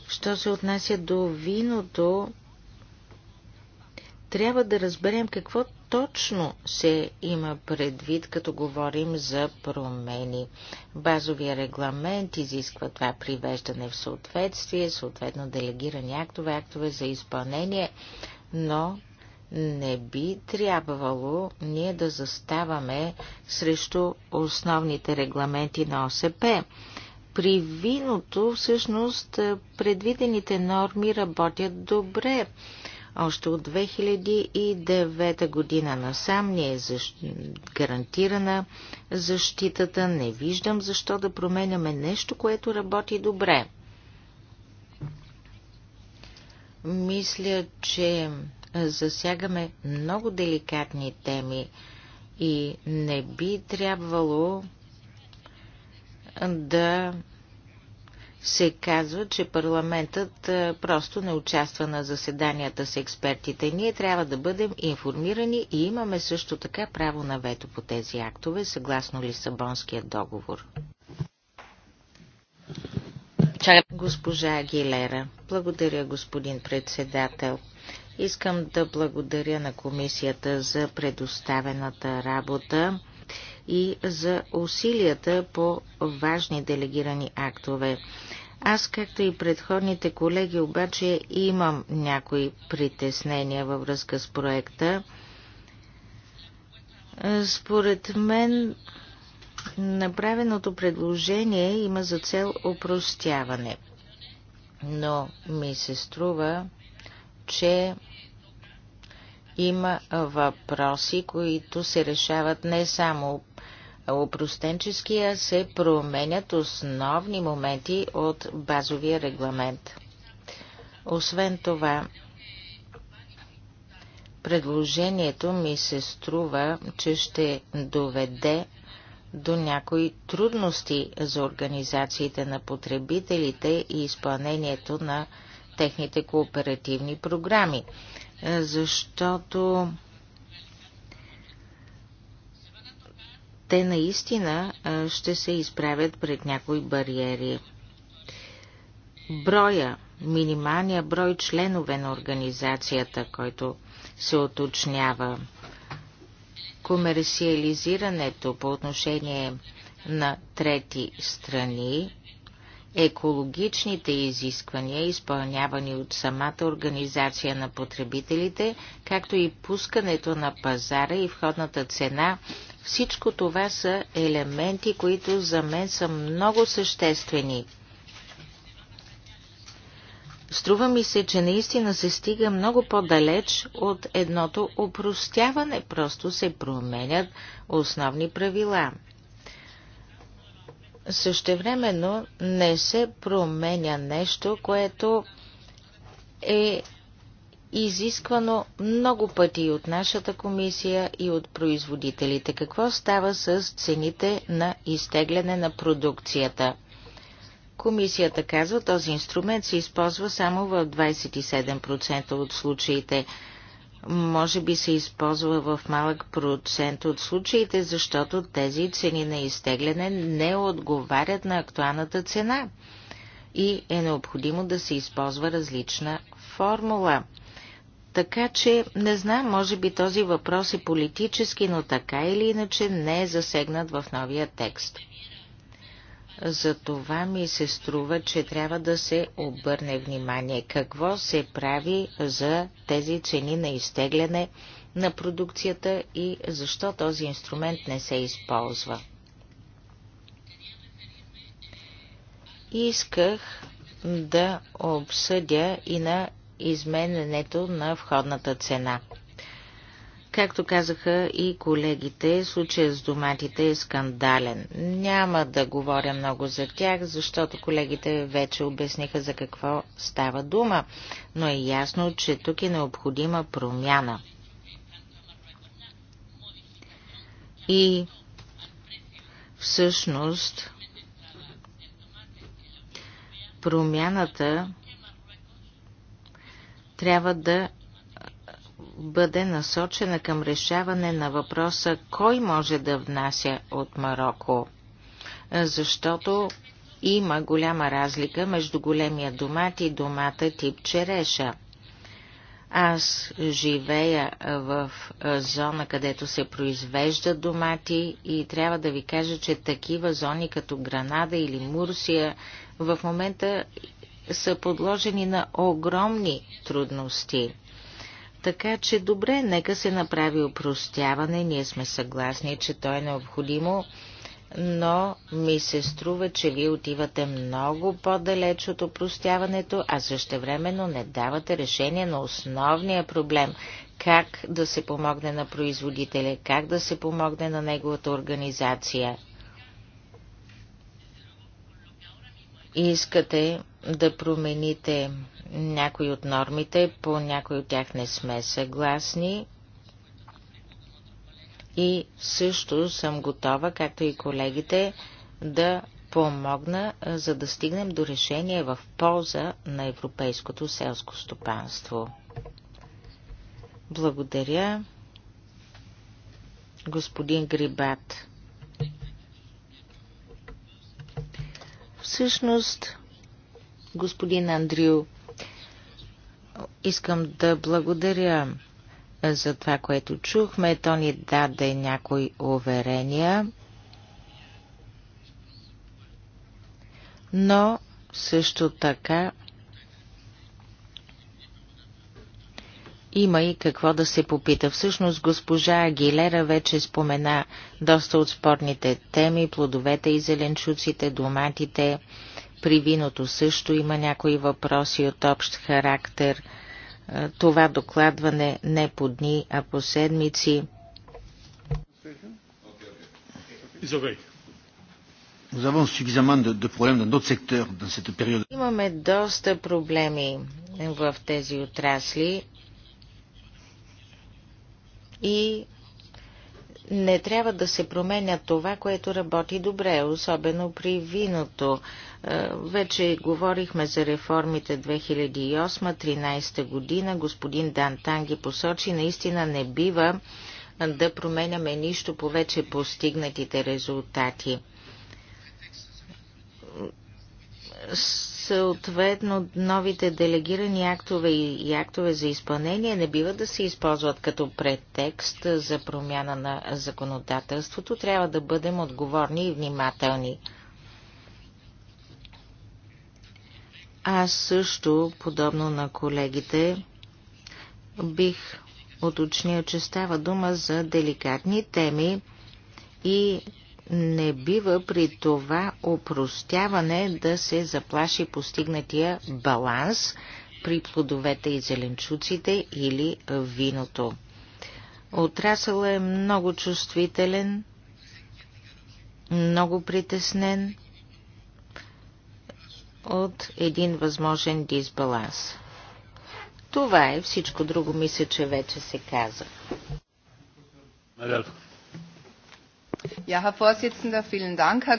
Що се отнася до виното, трябва да разберем какво точно се има предвид, като говорим за промени. Базовия регламент изисква това привеждане в съответствие, съответно делегирани актове, актове за изпълнение, но не би трябвало ние да заставаме срещу основните регламенти на ОСП. При виното всъщност предвидените норми работят добре. Още от 2009 година насам не е защ... гарантирана защитата. Не виждам защо да променяме нещо, което работи добре. Мисля, че засягаме много деликатни теми и не би трябвало да се казва, че парламентът е, просто не участва на заседанията с експертите. Ние трябва да бъдем информирани и имаме също така право на вето по тези актове, съгласно Лисабонския договор. Госпожа Агилера, благодаря господин председател. Искам да благодаря на комисията за предоставената работа и за усилията по важни делегирани актове. Аз, както и предходните колеги, обаче имам някои притеснения във връзка с проекта. Според мен, направеното предложение има за цел опростяване. Но ми се струва, че има въпроси, които се решават не само опростенческия се променят основни моменти от базовия регламент. Освен това, предложението ми се струва, че ще доведе до някои трудности за организациите на потребителите и изпълнението на техните кооперативни програми, защото те наистина ще се изправят пред някои бариери. Броя, минималния брой членове на организацията, който се оточнява, комерциализирането по отношение на трети страни, екологичните изисквания, изпълнявани от самата организация на потребителите, както и пускането на пазара и входната цена всичко това са елементи, които за мен са много съществени. Струва ми се, че наистина се стига много по-далеч от едното упростяване. Просто се променят основни правила. Същевременно не се променя нещо, което е изисквано много пъти от нашата комисия и от производителите. Какво става с цените на изтегляне на продукцията? Комисията казва, този инструмент се използва само в 27% от случаите. Може би се използва в малък процент от случаите, защото тези цени на изтегляне не отговарят на актуалната цена и е необходимо да се използва различна формула. Така че не знам, може би този въпрос е политически, но така или иначе не е засегнат в новия текст. За това ми се струва, че трябва да се обърне внимание какво се прави за тези цени на изтегляне на продукцията и защо този инструмент не се използва. Исках да обсъдя и на измененето на входната цена. Както казаха и колегите, случая с доматите е скандален. Няма да говоря много за тях, защото колегите вече обясниха за какво става дума, но е ясно, че тук е необходима промяна. И всъщност промяната трябва да бъде насочена към решаване на въпроса кой може да внася от Марокко, защото има голяма разлика между големия домат и домата тип череша. Аз живея в зона, където се произвеждат домати и трябва да ви кажа, че такива зони като Гранада или Мурсия в момента са подложени на огромни трудности. Така че добре, нека се направи упростяване, ние сме съгласни, че то е необходимо, но ми се струва, че вие отивате много по-далеч от упростяването, а същевременно не давате решение на основния проблем – как да се помогне на производителя, как да се помогне на неговата организация. Искате да промените някои от нормите, по някои от тях не сме съгласни. И също съм готова, както и колегите, да помогна, за да стигнем до решение в полза на европейското селско стопанство. Благодаря, господин Грибат. Всъщност, Господин Андрю, искам да благодаря за това, което чухме. То ни даде някои уверения, но също така Има и какво да се попита. Всъщност госпожа Агилера вече спомена доста от спорните теми, плодовете и зеленчуците, доматите. При виното също има някои въпроси от общ характер. Е, това докладване не по дни, а по седмици. Имаме доста проблеми в тези отрасли и не трябва да се променя това, което работи добре, особено при виното. Е, вече говорихме за реформите 2008 2013 година. Господин Дантан ги посочи. Наистина не бива да променяме нищо по вече постигнатите резултати Съответно, новите делегирани актове и актове за изпълнение не бива да се използват като претекст за промяна на законодателството. Трябва да бъдем отговорни и внимателни. Аз също, подобно на колегите, бих уточнил, че става дума за деликатни теми и не бива при това опростяване да се заплаши постигнатия баланс при плодовете и зеленчуците или виното. Отрасъл е много чувствителен, много притеснен от един възможен дисбаланс. Това е, всичко друго мисля, че вече се каза. Мадалко.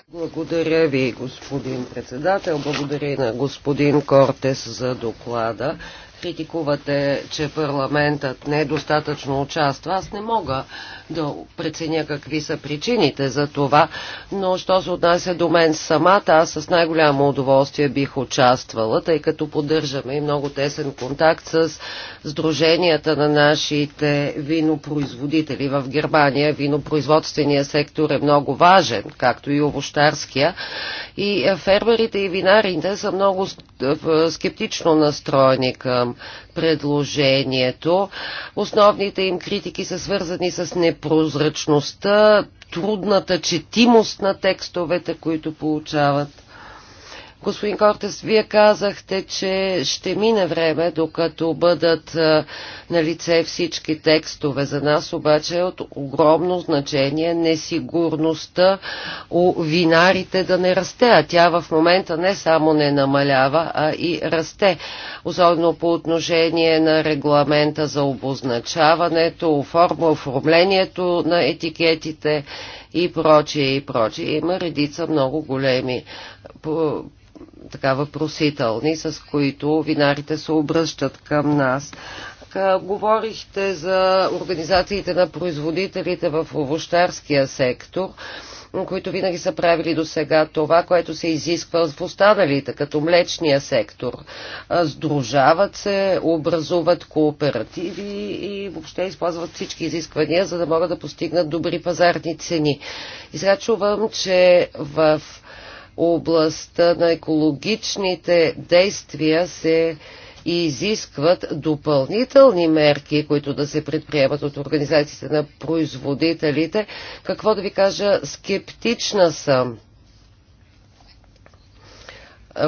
Благодаря ви, господин председател. Благодаря и на господин Кортес за доклада. Критикувате, че парламентът не е достатъчно участва. Аз не мога да преценя какви са причините за това, но що се отнася до мен самата, аз с най-голямо удоволствие бих участвала, тъй като поддържаме и много тесен контакт с сдруженията на нашите винопроизводители. В Германия винопроизводствения сектор е много важен, както и овощарския. И фермерите и винарите са много скептично настроени към към предложението. Основните им критики са свързани с непрозрачността, трудната четимост на текстовете, които получават. Господин Кортес, вие казахте, че ще мине време, докато бъдат на лице всички текстове. За нас обаче е от огромно значение несигурността у винарите да не расте, а тя в момента не само не намалява, а и расте. Особено по отношение на регламента за обозначаването, оформлението на етикетите и прочие и прочие. Има редица много големи по, така въпросителни, с които винарите се обръщат към нас. Говорихте за организациите на производителите в овощарския сектор които винаги са правили до сега това, което се изисква в останалите, като млечния сектор. Сдружават се, образуват кооперативи и въобще използват всички изисквания, за да могат да постигнат добри пазарни цени. И сега чувам, че в областта на екологичните действия се и изискват допълнителни мерки, които да се предприемат от организациите на производителите. Какво да ви кажа, скептична съм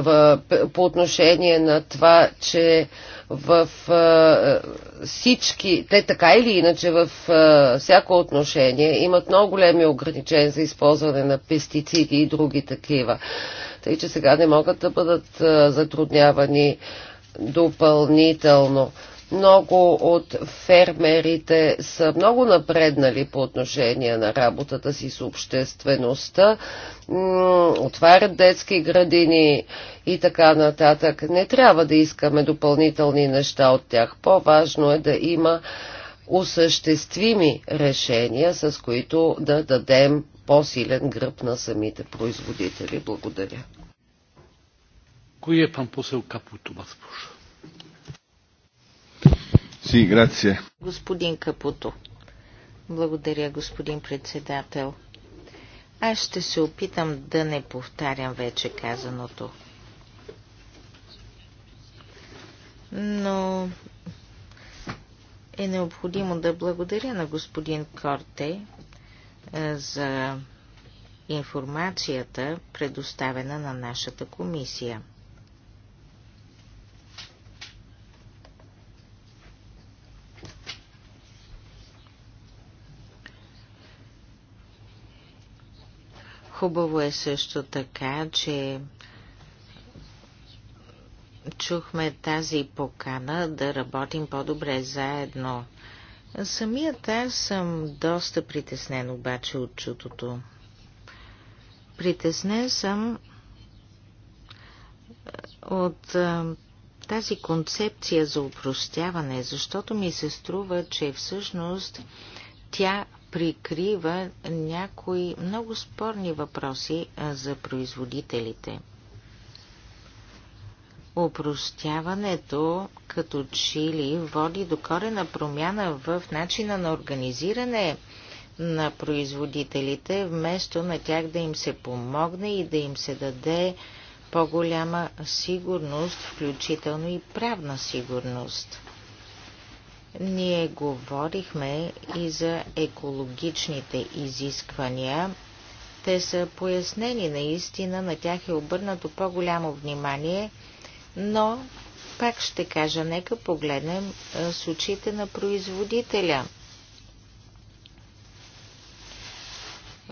в, по отношение на това, че в а, всички, те така или иначе в а, всяко отношение имат много големи ограничения за използване на пестициди и други такива. Тъй, че сега не могат да бъдат а, затруднявани допълнително. Много от фермерите са много напреднали по отношение на работата си с обществеността, отварят детски градини и така нататък. Не трябва да искаме допълнителни неща от тях. По-важно е да има осъществими решения, с които да дадем по-силен гръб на самите производители. Благодаря. Кой е пан посел Капуто, Бацбош? Си, грация. Господин Капуто. Благодаря, господин председател. Аз ще се опитам да не повтарям вече казаното. Но е необходимо да благодаря на господин Корте е, за информацията, предоставена на нашата комисия. Хубаво е също така, че чухме тази покана да работим по-добре заедно. Самият аз съм доста притеснен обаче от чутото. Притеснен съм от тази концепция за упростяване, защото ми се струва, че всъщност тя прикрива някои много спорни въпроси за производителите. Опростяването като чили води до корена промяна в начина на организиране на производителите, вместо на тях да им се помогне и да им се даде по-голяма сигурност, включително и правна сигурност. Ние говорихме и за екологичните изисквания. Те са пояснени наистина, на тях е обърнато по-голямо внимание, но пак ще кажа, нека погледнем с очите на производителя.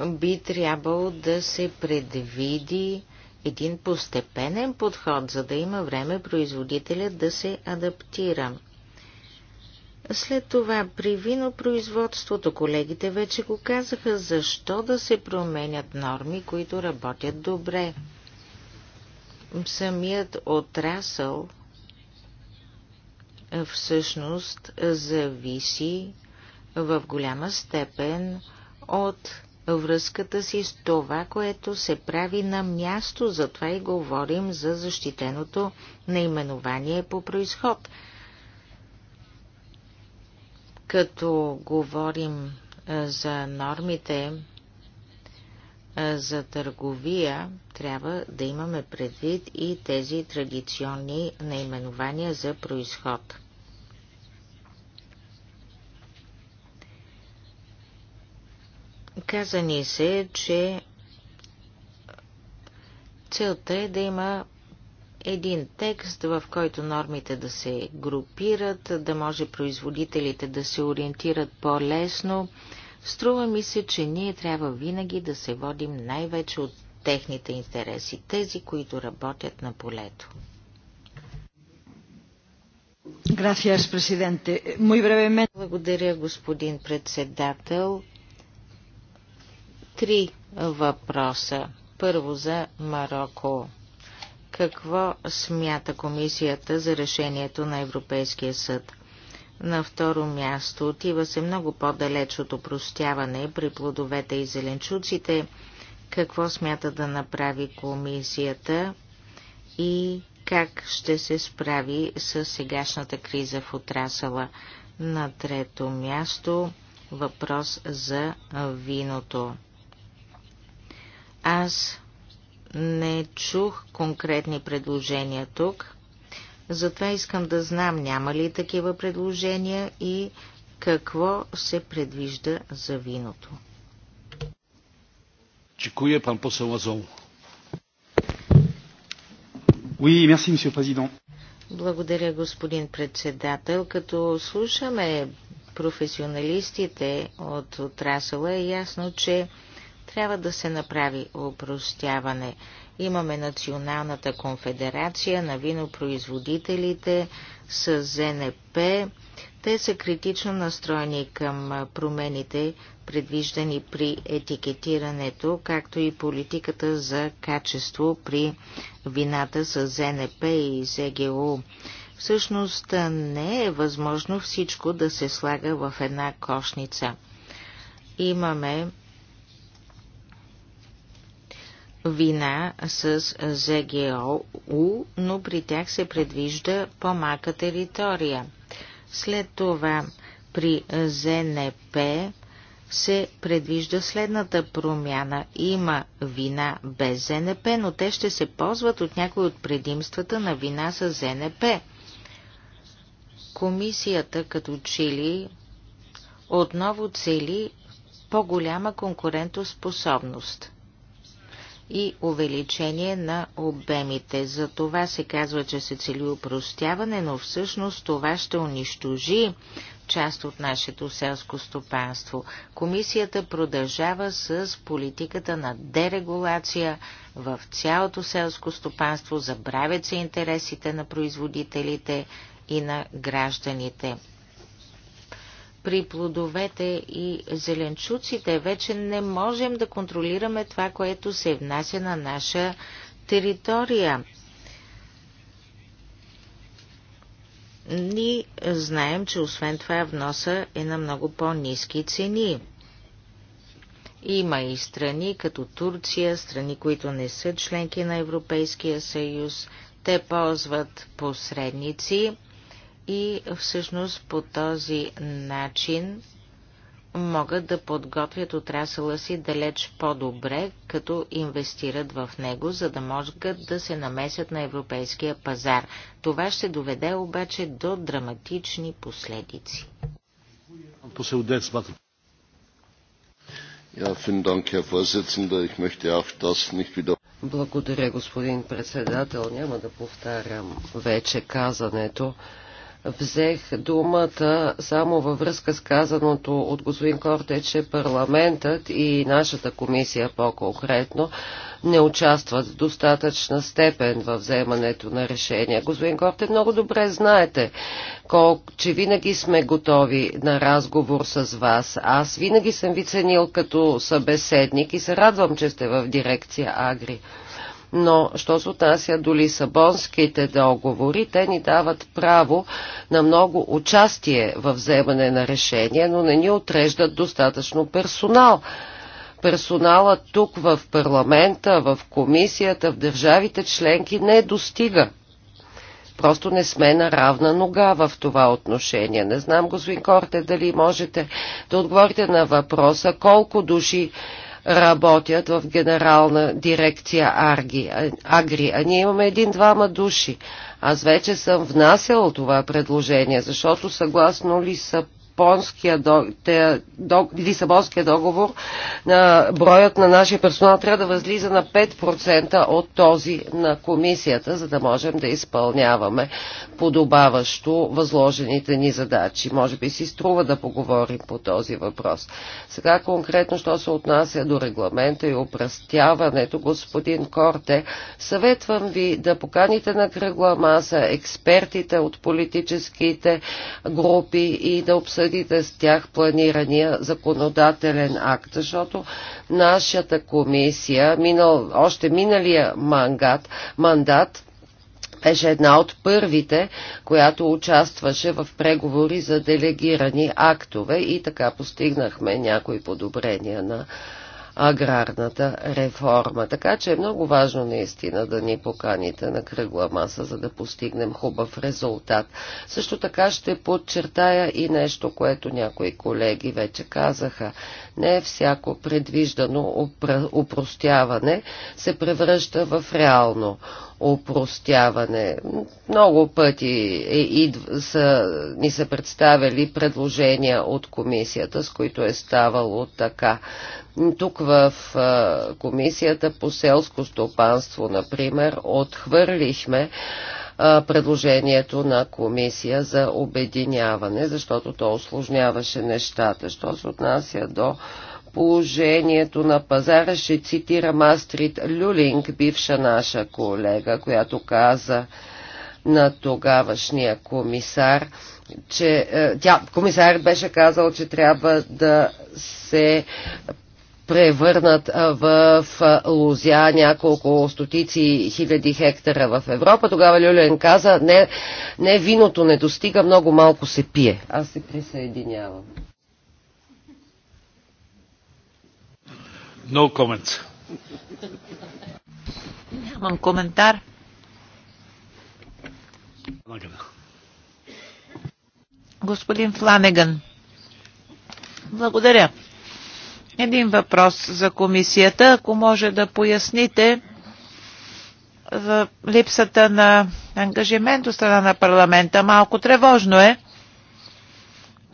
Би трябвало да се предвиди един постепенен подход, за да има време производителя да се адаптира. След това при винопроизводството колегите вече го казаха, защо да се променят норми, които работят добре. Самият отрасъл всъщност зависи в голяма степен от връзката си с това, което се прави на място, затова и говорим за защитеното наименование по происход – като говорим за нормите за търговия, трябва да имаме предвид и тези традиционни наименования за происход. Каза ни се, че целта е да има един текст, в който нормите да се групират, да може производителите да се ориентират по-лесно. Струва ми се, че ние трябва винаги да се водим най-вече от техните интереси, тези, които работят на полето. Благодаря, господин председател. Три въпроса. Първо за Марокко. Какво смята комисията за решението на Европейския съд? На второ място отива се много по-далеч от опростяване при плодовете и зеленчуците. Какво смята да направи комисията и как ще се справи с сегашната криза в отрасъла? На трето място въпрос за виното. Аз не чух конкретни предложения тук. Затова искам да знам, няма ли такива предложения и какво се предвижда за виното. Чекуя пан посъл Азон. Oui, merci, monsieur président. Благодаря, господин председател. Като слушаме професионалистите от отрасъла, е ясно, че трябва да се направи упростяване. Имаме Националната конфедерация на винопроизводителите с ЗНП. Те са критично настроени към промените, предвиждани при етикетирането, както и политиката за качество при вината с ЗНП и ЗГУ. Всъщност не е възможно всичко да се слага в една кошница. Имаме вина с ЗГО, но при тях се предвижда по-малка територия. След това при ЗНП се предвижда следната промяна. Има вина без ЗНП, но те ще се ползват от някои от предимствата на вина с ЗНП. Комисията като чили отново цели по-голяма конкурентоспособност – и увеличение на обемите. За това се казва, че се цели упростяване, но всъщност това ще унищожи част от нашето селско стопанство. Комисията продължава с политиката на дерегулация в цялото селско стопанство, забравят се интересите на производителите и на гражданите при плодовете и зеленчуците вече не можем да контролираме това, което се внася на наша територия. Ни знаем, че освен това вноса е на много по-низки цени. Има и страни като Турция, страни, които не са членки на Европейския съюз. Те ползват посредници и всъщност по този начин могат да подготвят отрасъла си далеч по-добре, като инвестират в него, за да могат да се намесят на европейския пазар. Това ще доведе обаче до драматични последици. Благодаря, господин председател. Няма да повтарям вече казането взех думата само във връзка с казаното от господин Корте, че парламентът и нашата комисия по-конкретно не участват в достатъчна степен във вземането на решения. Господин Корте, много добре знаете, колко, че винаги сме готови на разговор с вас. Аз винаги съм ви ценил като събеседник и се радвам, че сте в дирекция Агри. Но, що се отнася до Лисабонските договори, те ни дават право на много участие в вземане на решения, но не ни отреждат достатъчно персонал персонала тук в парламента, в комисията, в държавите членки не достига. Просто не сме на равна нога в това отношение. Не знам, господин Корте, дали можете да отговорите на въпроса колко души работят в генерална дирекция Арги, Агри. А ние имаме един-двама души. Аз вече съм внасял това предложение, защото съгласно ли са Лисабонския, Лисабонския договор броят на нашия персонал трябва да възлиза на 5% от този на комисията, за да можем да изпълняваме подобаващо възложените ни задачи. Може би си струва да поговорим по този въпрос. Сега конкретно, що се отнася до регламента и опръстяването, господин Корте, съветвам ви да поканите на кръгла маса експертите от политическите групи и да обсъдим свързаните с тях планирания законодателен акт, защото нашата комисия, минал, още миналия мангат, мандат, беше една от първите, която участваше в преговори за делегирани актове и така постигнахме някои подобрения на аграрната реформа. Така че е много важно наистина да ни поканите на кръгла маса, за да постигнем хубав резултат. Също така ще подчертая и нещо, което някои колеги вече казаха. Не е всяко предвиждано упростяване се превръща в реално упростяване. Много пъти е, и, са, ни са представили предложения от комисията, с които е ставало така. Тук в комисията по селско стопанство, например, отхвърлихме предложението на комисия за обединяване, защото то осложняваше нещата. Що се отнася до положението на пазара, ще цитирам Астрид Люлинг, бивша наша колега, която каза на тогавашния комисар, че е, тя, комисарът беше казал, че трябва да се превърнат в лузя няколко стотици хиляди хектара в Европа. Тогава Люлен каза, не, не виното не достига, много малко се пие. Аз се присъединявам. No comments. Нямам коментар. Господин Фланеган, благодаря. Един въпрос за комисията. Ако може да поясните за е, липсата на ангажимент от страна на парламента. Малко тревожно е.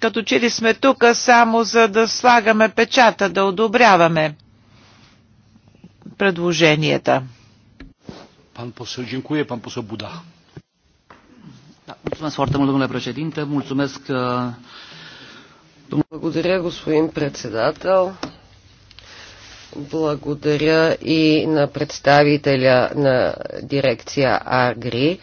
Като че ли сме тук само за да слагаме печата, да одобряваме предложенията. Пан посъл, дякую, пан посъл Буда. Mulțumesc foarte mult, domnule președinte. Mulțumesc благодаря, господин председател. Благодаря и на представителя на дирекция Агри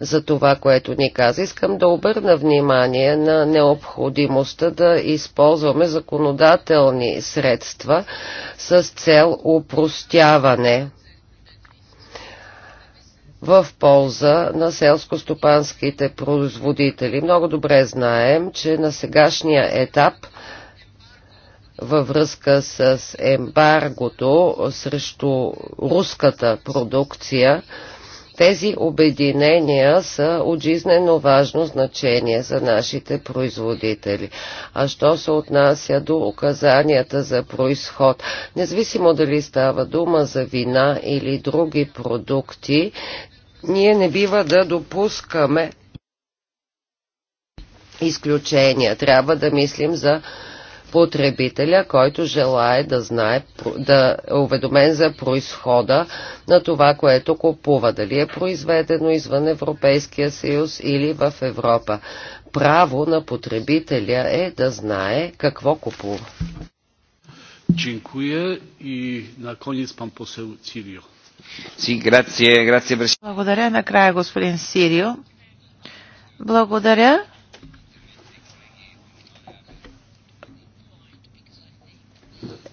за това, което ни каза. Искам да обърна внимание на необходимостта да използваме законодателни средства с цел упростяване в полза на селско-стопанските производители. Много добре знаем, че на сегашния етап във връзка с ембаргото срещу руската продукция, тези обединения са от жизнено важно значение за нашите производители. А що се отнася до указанията за происход, независимо дали става дума за вина или други продукти, ние не бива да допускаме изключения. Трябва да мислим за потребителя, който желае да знае, да е уведомен за происхода на това, което купува, дали е произведено извън Европейския съюз или в Европа. Право на потребителя е да знае какво купува. Dziękuję i na koniec pan poseł Cirio. Благодаря. Накрая господин Сирио. Благодаря.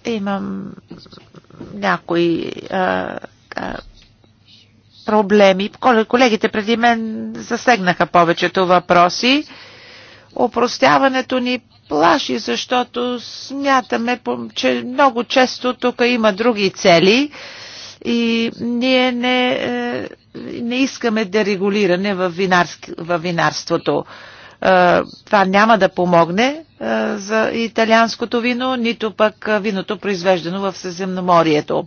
Имам някои а, а, проблеми. Колегите преди мен засегнаха повечето въпроси. Опростяването ни плаши, защото смятаме, че много често тук има други цели и ние не, е, не искаме дерегулиране в, винарск, в винарството. Е, това няма да помогне е, за италианското вино, нито пък виното произвеждано в Съземноморието.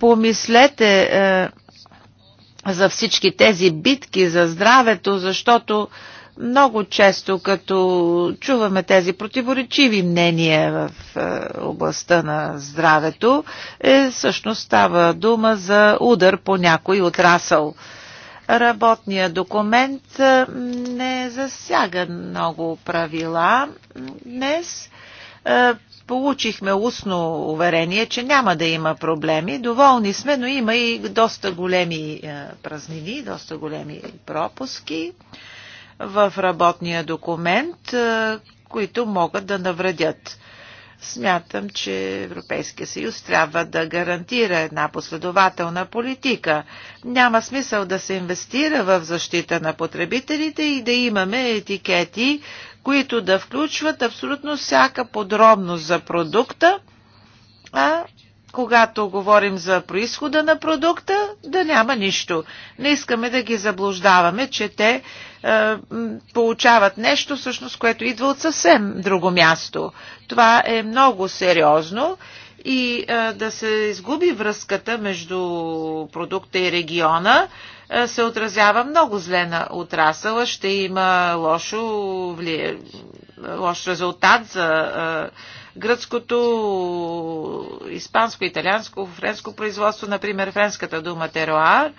Помислете за всички тези битки за здравето, защото много често, като чуваме тези противоречиви мнения в е, областта на здравето, е, всъщност става дума за удар по някой отрасъл. Работният документ е, не засяга много правила. Днес е, получихме устно уверение, че няма да има проблеми. Доволни сме, но има и доста големи празнини, доста големи пропуски в работния документ, които могат да навредят. Смятам, че Европейския съюз трябва да гарантира една последователна политика. Няма смисъл да се инвестира в защита на потребителите и да имаме етикети, които да включват абсолютно всяка подробност за продукта, а когато говорим за происхода на продукта, да няма нищо. Не искаме да ги заблуждаваме, че те е, получават нещо, всъщност, което идва от съвсем друго място. Това е много сериозно и е, да се изгуби връзката между продукта и региона е, се отразява много зле на отрасъла. Ще има лошо, лош резултат за. Е, гръцкото, испанско, италианско, френско производство, например френската дума теруар,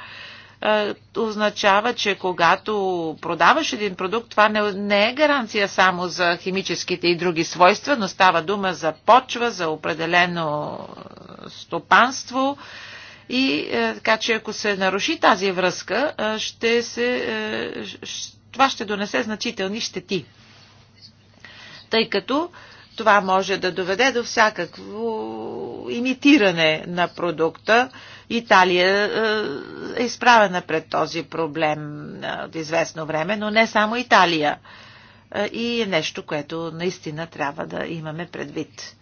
е, означава, че когато продаваш един продукт, това не, не е гаранция само за химическите и други свойства, но става дума за почва, за определено е, стопанство. И е, така че ако се наруши тази връзка, ще се, това ще донесе значителни щети. Тъй като това може да доведе до всякакво имитиране на продукта. Италия е, е изправена пред този проблем от известно време, но не само Италия. И е нещо, което наистина трябва да имаме предвид.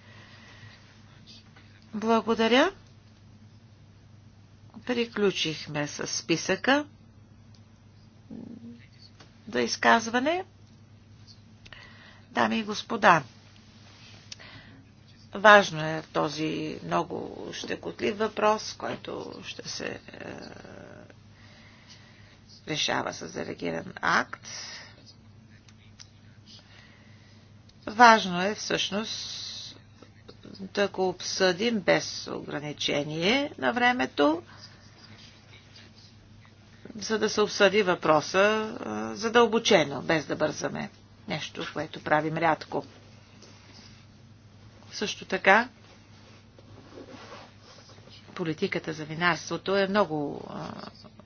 Благодаря. Приключихме с списъка да изказване. Дами и господа, Важно е този много щекотлив въпрос, който ще се е, решава с делегиран акт. Важно е всъщност да го обсъдим без ограничение на времето, за да се обсъди въпроса е, задълбочено, без да бързаме. Нещо, което правим рядко. Също така, политиката за винарството е много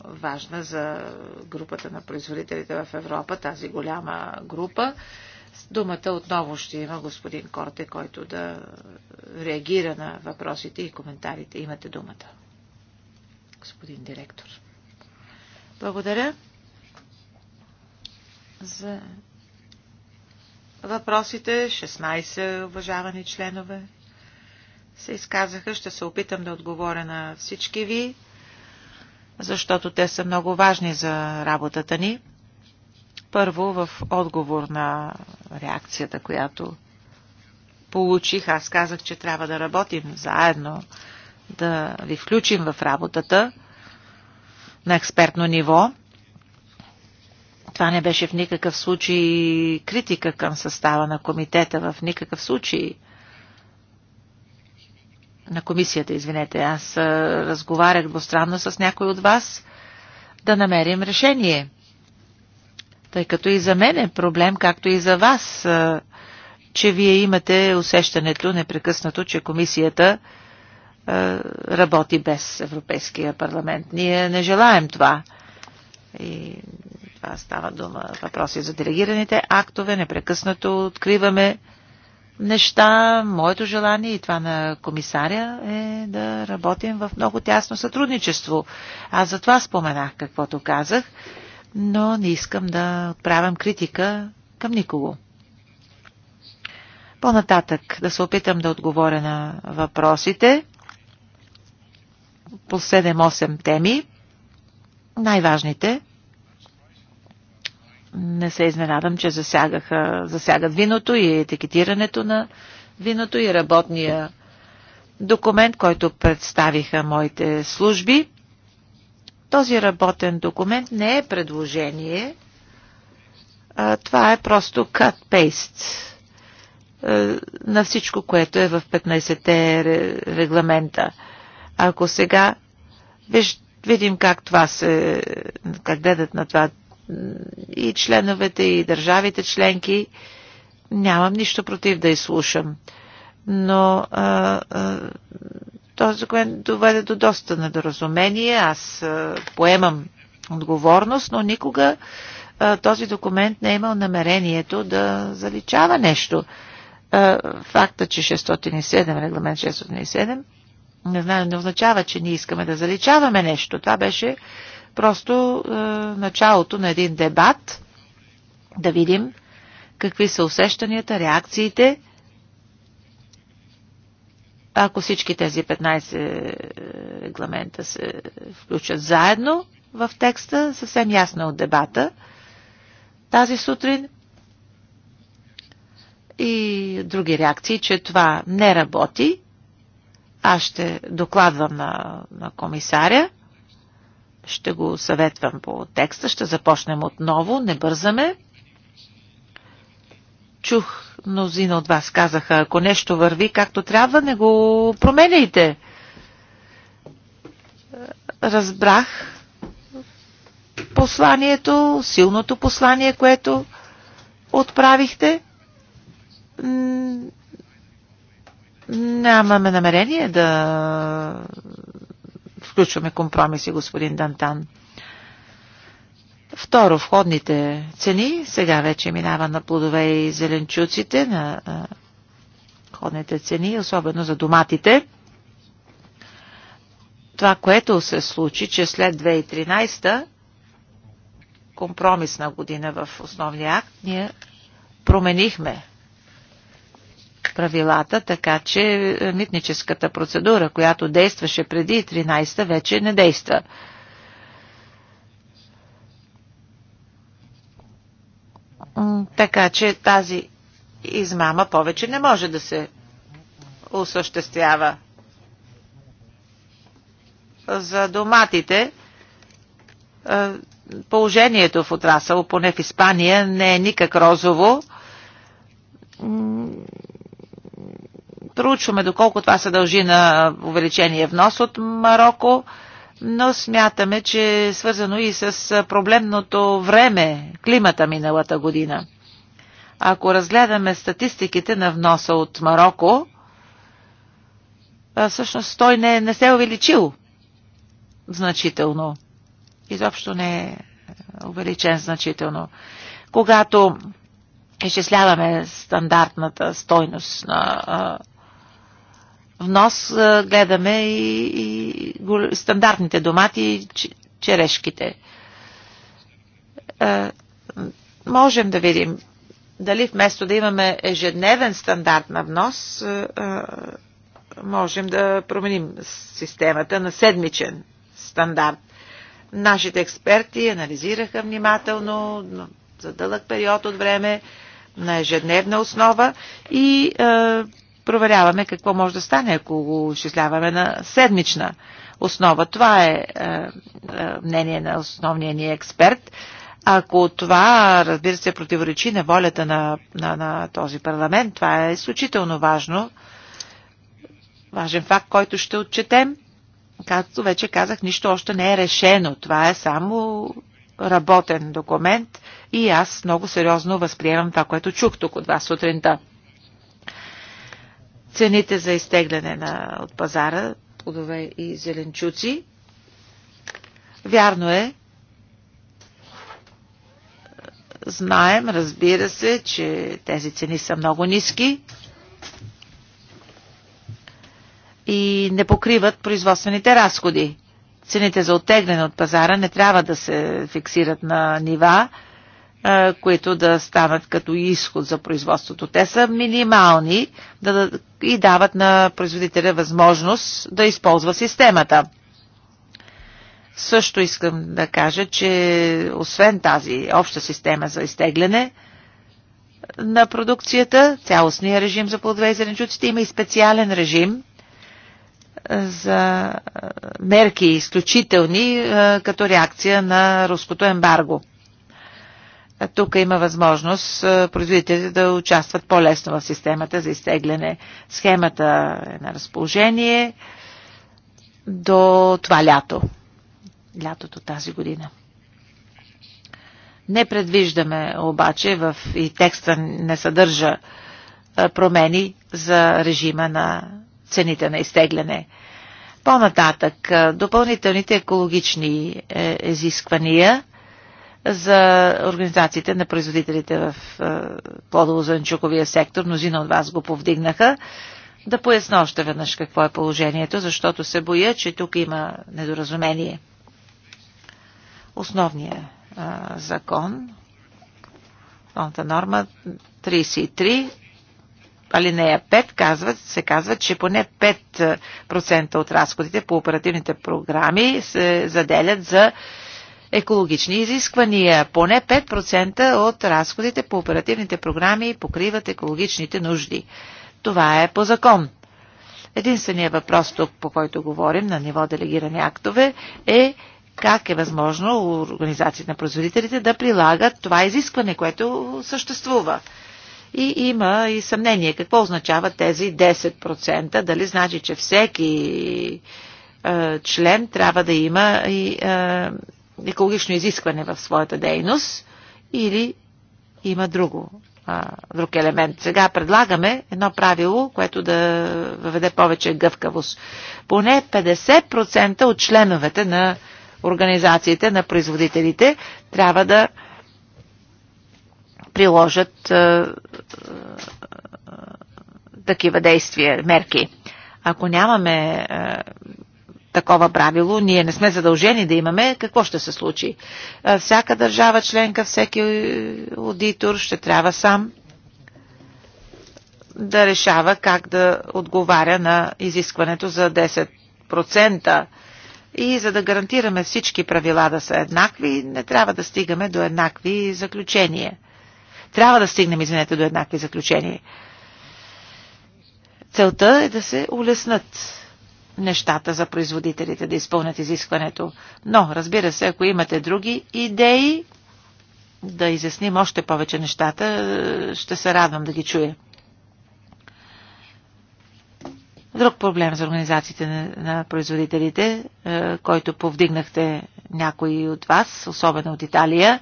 важна за групата на производителите в Европа, тази голяма група. Думата отново ще има господин Корте, който да реагира на въпросите и коментарите. Имате думата, господин директор. Благодаря за въпросите. 16 уважавани членове се изказаха. Ще се опитам да отговоря на всички ви, защото те са много важни за работата ни. Първо, в отговор на реакцията, която получих, аз казах, че трябва да работим заедно, да ви включим в работата на експертно ниво. Това не беше в никакъв случай критика към състава на комитета, в никакъв случай на комисията, извинете. Аз разговарях двустранно с някой от вас да намерим решение. Тъй като и за мен е проблем, както и за вас, че вие имате усещането непрекъснато, че комисията работи без Европейския парламент. Ние не желаем това. И това става дума. Въпроси за делегираните актове. Непрекъснато откриваме неща. Моето желание и това на комисаря е да работим в много тясно сътрудничество. Аз за това споменах каквото казах, но не искам да отправям критика към никого. По-нататък да се опитам да отговоря на въпросите по 7-8 теми. Най-важните не се изненадам, че засягаха, засягат виното и етикетирането на виното и работния документ, който представиха моите служби. Този работен документ не е предложение, а това е просто cut-paste на всичко, което е в 15-те регламента. Ако сега виж, видим как това се, как гледат на това и членовете, и държавите членки. Нямам нищо против да изслушам. Но а, а, този документ доведе до доста недоразумение. Аз а, поемам отговорност, но никога а, този документ не е имал намерението да заличава нещо. А, факта, че 607, регламент 607, не знам, не означава, че ние искаме да заличаваме нещо. Това беше просто е, началото на един дебат, да видим какви са усещанията, реакциите. Ако всички тези 15 е, регламента се включат заедно в текста, съвсем ясно от дебата, тази сутрин и други реакции, че това не работи. Аз ще докладвам на, на комисаря ще го съветвам по текста. Ще започнем отново. Не бързаме. Чух, мнозина от вас казаха, ако нещо върви както трябва, не го променяйте. Разбрах посланието, силното послание, което отправихте. Нямаме намерение да включваме компромиси, господин Дантан. Второ, входните цени. Сега вече минава на плодове и зеленчуците, на входните цени, особено за доматите. Това, което се случи, че след 2013 компромисна година в основния акт, ние променихме правилата, така че е, митническата процедура, която действаше преди 13-та, вече не действа. Така че тази измама повече не може да се осъществява. За доматите е, положението в отрасъл, поне в Испания, не е никак розово проучваме доколко това се дължи на увеличение внос от Марокко, но смятаме, че е свързано и с проблемното време, климата миналата година. Ако разгледаме статистиките на вноса от Марокко, всъщност той не, не се е увеличил значително. Изобщо не е увеличен значително. Когато изчисляваме стандартната стойност на внос гледаме и, и стандартните домати и черешките. Можем да видим дали вместо да имаме ежедневен стандарт на внос, можем да променим системата на седмичен стандарт. Нашите експерти анализираха внимателно за дълъг период от време на ежедневна основа и проверяваме какво може да стане, ако го изчисляваме на седмична основа. Това е, е, е мнение на основния ни експерт. Ако това, разбира се, противоречи на волята на, на, на този парламент, това е изключително важно. Важен факт, който ще отчетем. Както вече казах, нищо още не е решено. Това е само работен документ и аз много сериозно възприемам това, което чух тук от вас сутринта цените за изтегляне на, от пазара, плодове и зеленчуци. Вярно е, знаем, разбира се, че тези цени са много ниски и не покриват производствените разходи. Цените за оттегляне от пазара не трябва да се фиксират на нива, които да станат като изход за производството. Те са минимални да, и дават на производителя възможност да използва системата. Също искам да кажа, че освен тази обща система за изтегляне на продукцията, цялостния режим за плодове и зеленчуците, има и специален режим за мерки изключителни като реакция на руското ембарго. Тук има възможност производителите да участват по-лесно в системата за изтегляне. Схемата е на разположение до това лято. Лятото тази година. Не предвиждаме обаче в и текста не съдържа промени за режима на цените на изтегляне. По-нататък, допълнителните екологични е, изисквания за организациите на производителите в е, плодово-зеленчуковия сектор. Мнозина от вас го повдигнаха. Да поясна още веднъж какво е положението, защото се боя, че тук има недоразумение. Основният е, закон, основната норма 33, алинея 5 казва, се казва, че поне 5% е, от разходите по оперативните програми се заделят за екологични изисквания. Поне 5% от разходите по оперативните програми покриват екологичните нужди. Това е по закон. Единственият въпрос тук, по който говорим на ниво делегирани актове, е как е възможно организациите на производителите да прилагат това изискване, което съществува. И има и съмнение какво означава тези 10%. Дали значи, че всеки е, член трябва да има и е, екологично изискване в своята дейност или има друго, а, друг елемент. Сега предлагаме едно правило, което да въведе повече гъвкавост. Поне 50% от членовете на организациите на производителите трябва да приложат а, а, такива действия, мерки. Ако нямаме а, такова правило, ние не сме задължени да имаме, какво ще се случи? Всяка държава членка, всеки е, аудитор ще трябва сам да решава как да отговаря на изискването за 10%. И за да гарантираме всички правила да са еднакви, не трябва да стигаме до еднакви заключения. Трябва да стигнем, извинете, до еднакви заключения. Целта е да се улеснат нещата за производителите да изпълнят изискването. Но, разбира се, ако имате други идеи, да изясним още повече нещата, ще се радвам да ги чуя. Друг проблем за организациите на производителите, е, който повдигнахте някои от вас, особено от Италия,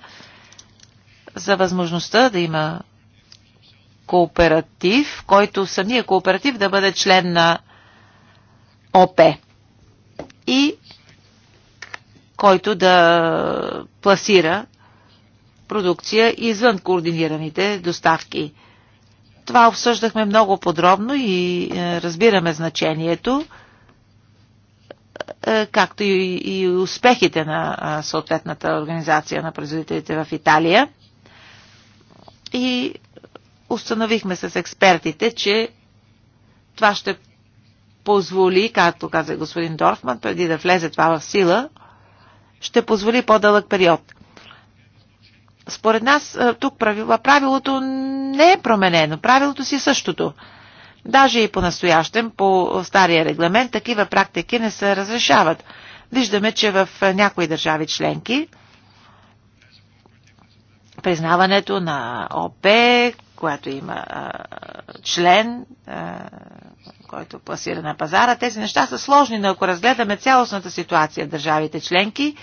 за възможността да има кооператив, който самия кооператив да бъде член на ОП и който да пласира продукция извън координираните доставки. Това обсъждахме много подробно и е, разбираме значението, е, както и успехите на е, съответната организация на производителите в Италия. И установихме с експертите, че това ще позволи, както каза господин Дорфман, преди да влезе това в сила, ще позволи по-дълъг период. Според нас е, тук правило, правилото не е променено. Правилото си е същото. Даже и по-настоящем, по стария регламент, такива практики не се разрешават. Виждаме, че в някои държави членки признаването на ОП когато има а, член, а, който пласира на пазара. Тези неща са сложни, но ако разгледаме цялостната ситуация в държавите членки,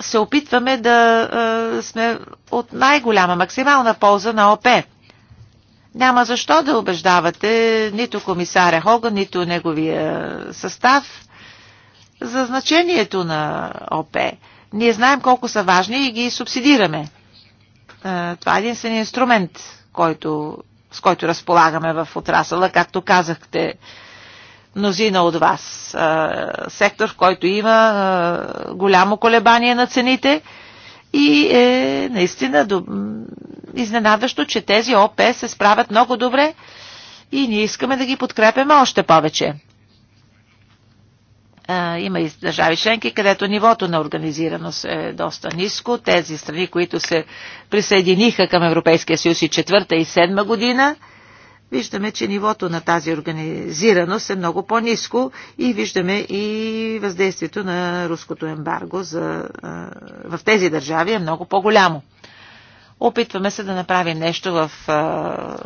се опитваме да а, сме от най-голяма максимална полза на ОП. Няма защо да убеждавате нито комисаря Хоган, нито неговия състав за значението на ОП. Ние знаем колко са важни и ги субсидираме. Е, това е единствен инструмент, който, с който разполагаме в отрасъла, както казахте мнозина от вас. Е, сектор, в който има е, голямо колебание на цените и е наистина изненадващо, че тези ОП се справят много добре и ние искаме да ги подкрепяме още повече. Има и държави членки, където нивото на организираност е доста ниско. Тези страни, които се присъединиха към Европейския съюз и четвърта и седма година, виждаме, че нивото на тази организираност е много по ниско и виждаме и въздействието на руското ембарго за, в тези държави е много по-голямо. Опитваме се да направим нещо в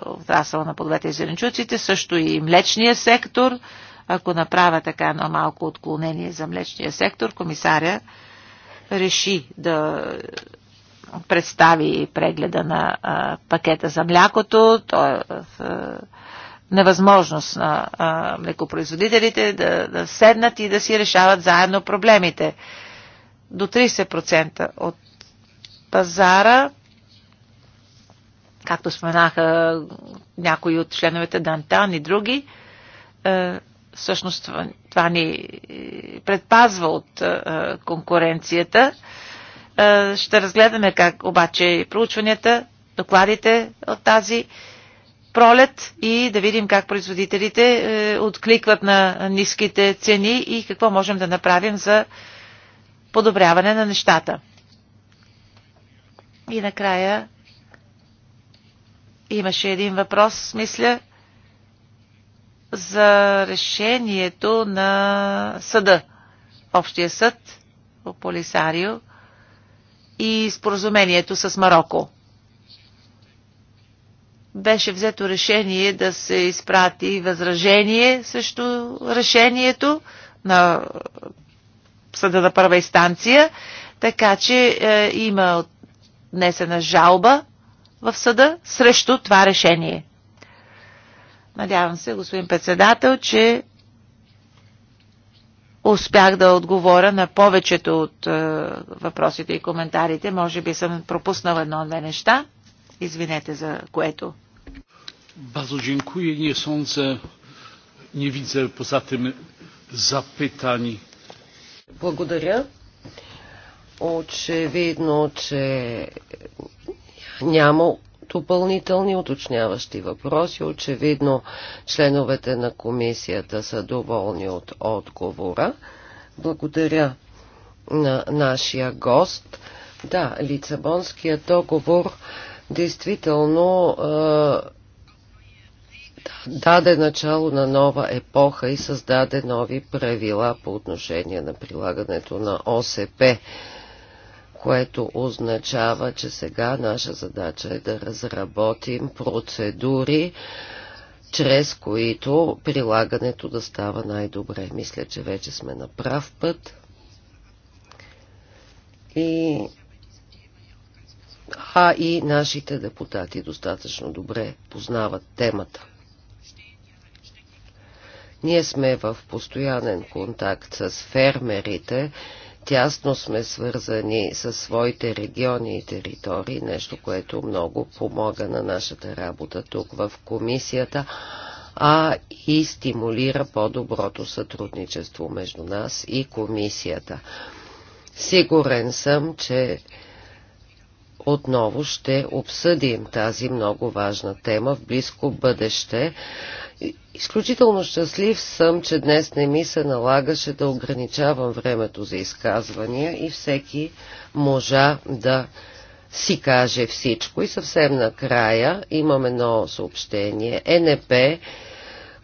отрасъл на плодовете и зеленчуците, също и млечния сектор – ако направя така едно малко отклонение за млечния сектор, комисаря реши да представи прегледа на а, пакета за млякото. Той е в а, невъзможност на а, млекопроизводителите да, да седнат и да си решават заедно проблемите. До 30% от пазара, както споменаха някои от членовете Дантан и други, а, е, всъщност това ни е, предпазва от е, конкуренцията. Е, ще разгледаме как обаче проучванията, докладите от тази пролет и да видим как производителите откликват на ниските цени и какво можем да направим за подобряване на нещата. И накрая имаше един въпрос, мисля, за решението на съда, Общия съд по Полисарио и споразумението с Марокко. Беше взето решение да се изпрати възражение срещу решението на съда на първа инстанция, така че е, има отнесена жалба в съда срещу това решение. Надявам се, господин председател, че успях да отговоря на повечето от е, въпросите и коментарите. Може би съм пропуснал едно-две неща. Извинете за което. Bardzo dziękuję. Nie sądzę, nie widzę poza tym zapytań. Благодаря. Очевидно, че няма допълнителни уточняващи въпроси. Очевидно, членовете на комисията са доволни от отговора. Благодаря на нашия гост. Да, Лицабонският договор действително е, даде начало на нова епоха и създаде нови правила по отношение на прилагането на ОСП което означава, че сега наша задача е да разработим процедури, чрез които прилагането да става най-добре. Мисля, че вече сме на прав път. И а и нашите депутати достатъчно добре познават темата. Ние сме в постоянен контакт с фермерите, тясно сме свързани с своите региони и територии, нещо, което много помога на нашата работа тук в комисията, а и стимулира по-доброто сътрудничество между нас и комисията. Сигурен съм, че отново ще обсъдим тази много важна тема в близко бъдеще Изключително щастлив съм, че днес не ми се налагаше да ограничавам времето за изказвания и всеки можа да си каже всичко. И съвсем накрая имам едно съобщение. НП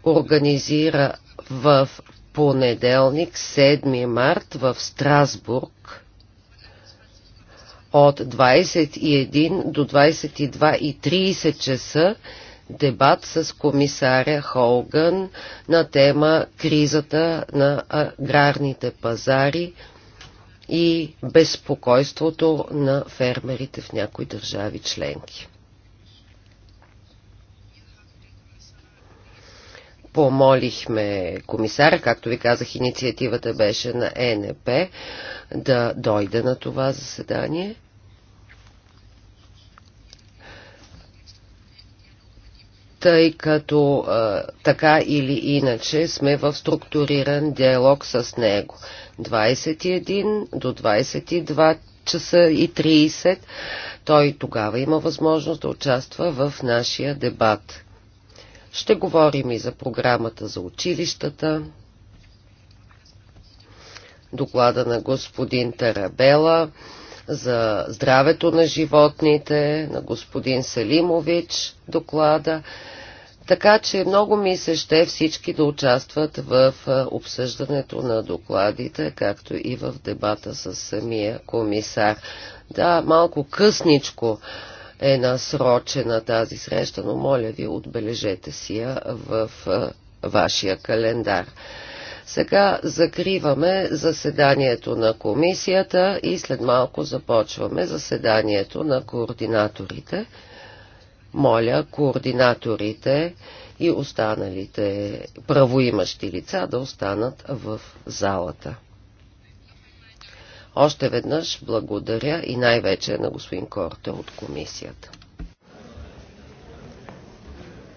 организира в понеделник, 7 март, в Страсбург от 21 до 22 и 30 часа дебат с комисаря Холган на тема кризата на аграрните пазари и безпокойството на фермерите в някои държави членки. помолихме комисара, както ви казах, инициативата беше на ЕНП, да дойде на това заседание. тъй като а, така или иначе сме в структуриран диалог с него. 21 до 22 часа и 30 той тогава има възможност да участва в нашия дебат. Ще говорим и за програмата за училищата, доклада на господин Тарабела, за здравето на животните, на господин Селимович доклада. Така че много ми се ще всички да участват в обсъждането на докладите, както и в дебата с самия комисар. Да, малко късничко е насрочена тази среща, но моля ви, отбележете си я в вашия календар. Сега закриваме заседанието на комисията и след малко започваме заседанието на координаторите. Моля координаторите и останалите правоимащи лица да останат в залата. Още веднъж благодаря и най-вече на господин Корта от комисията.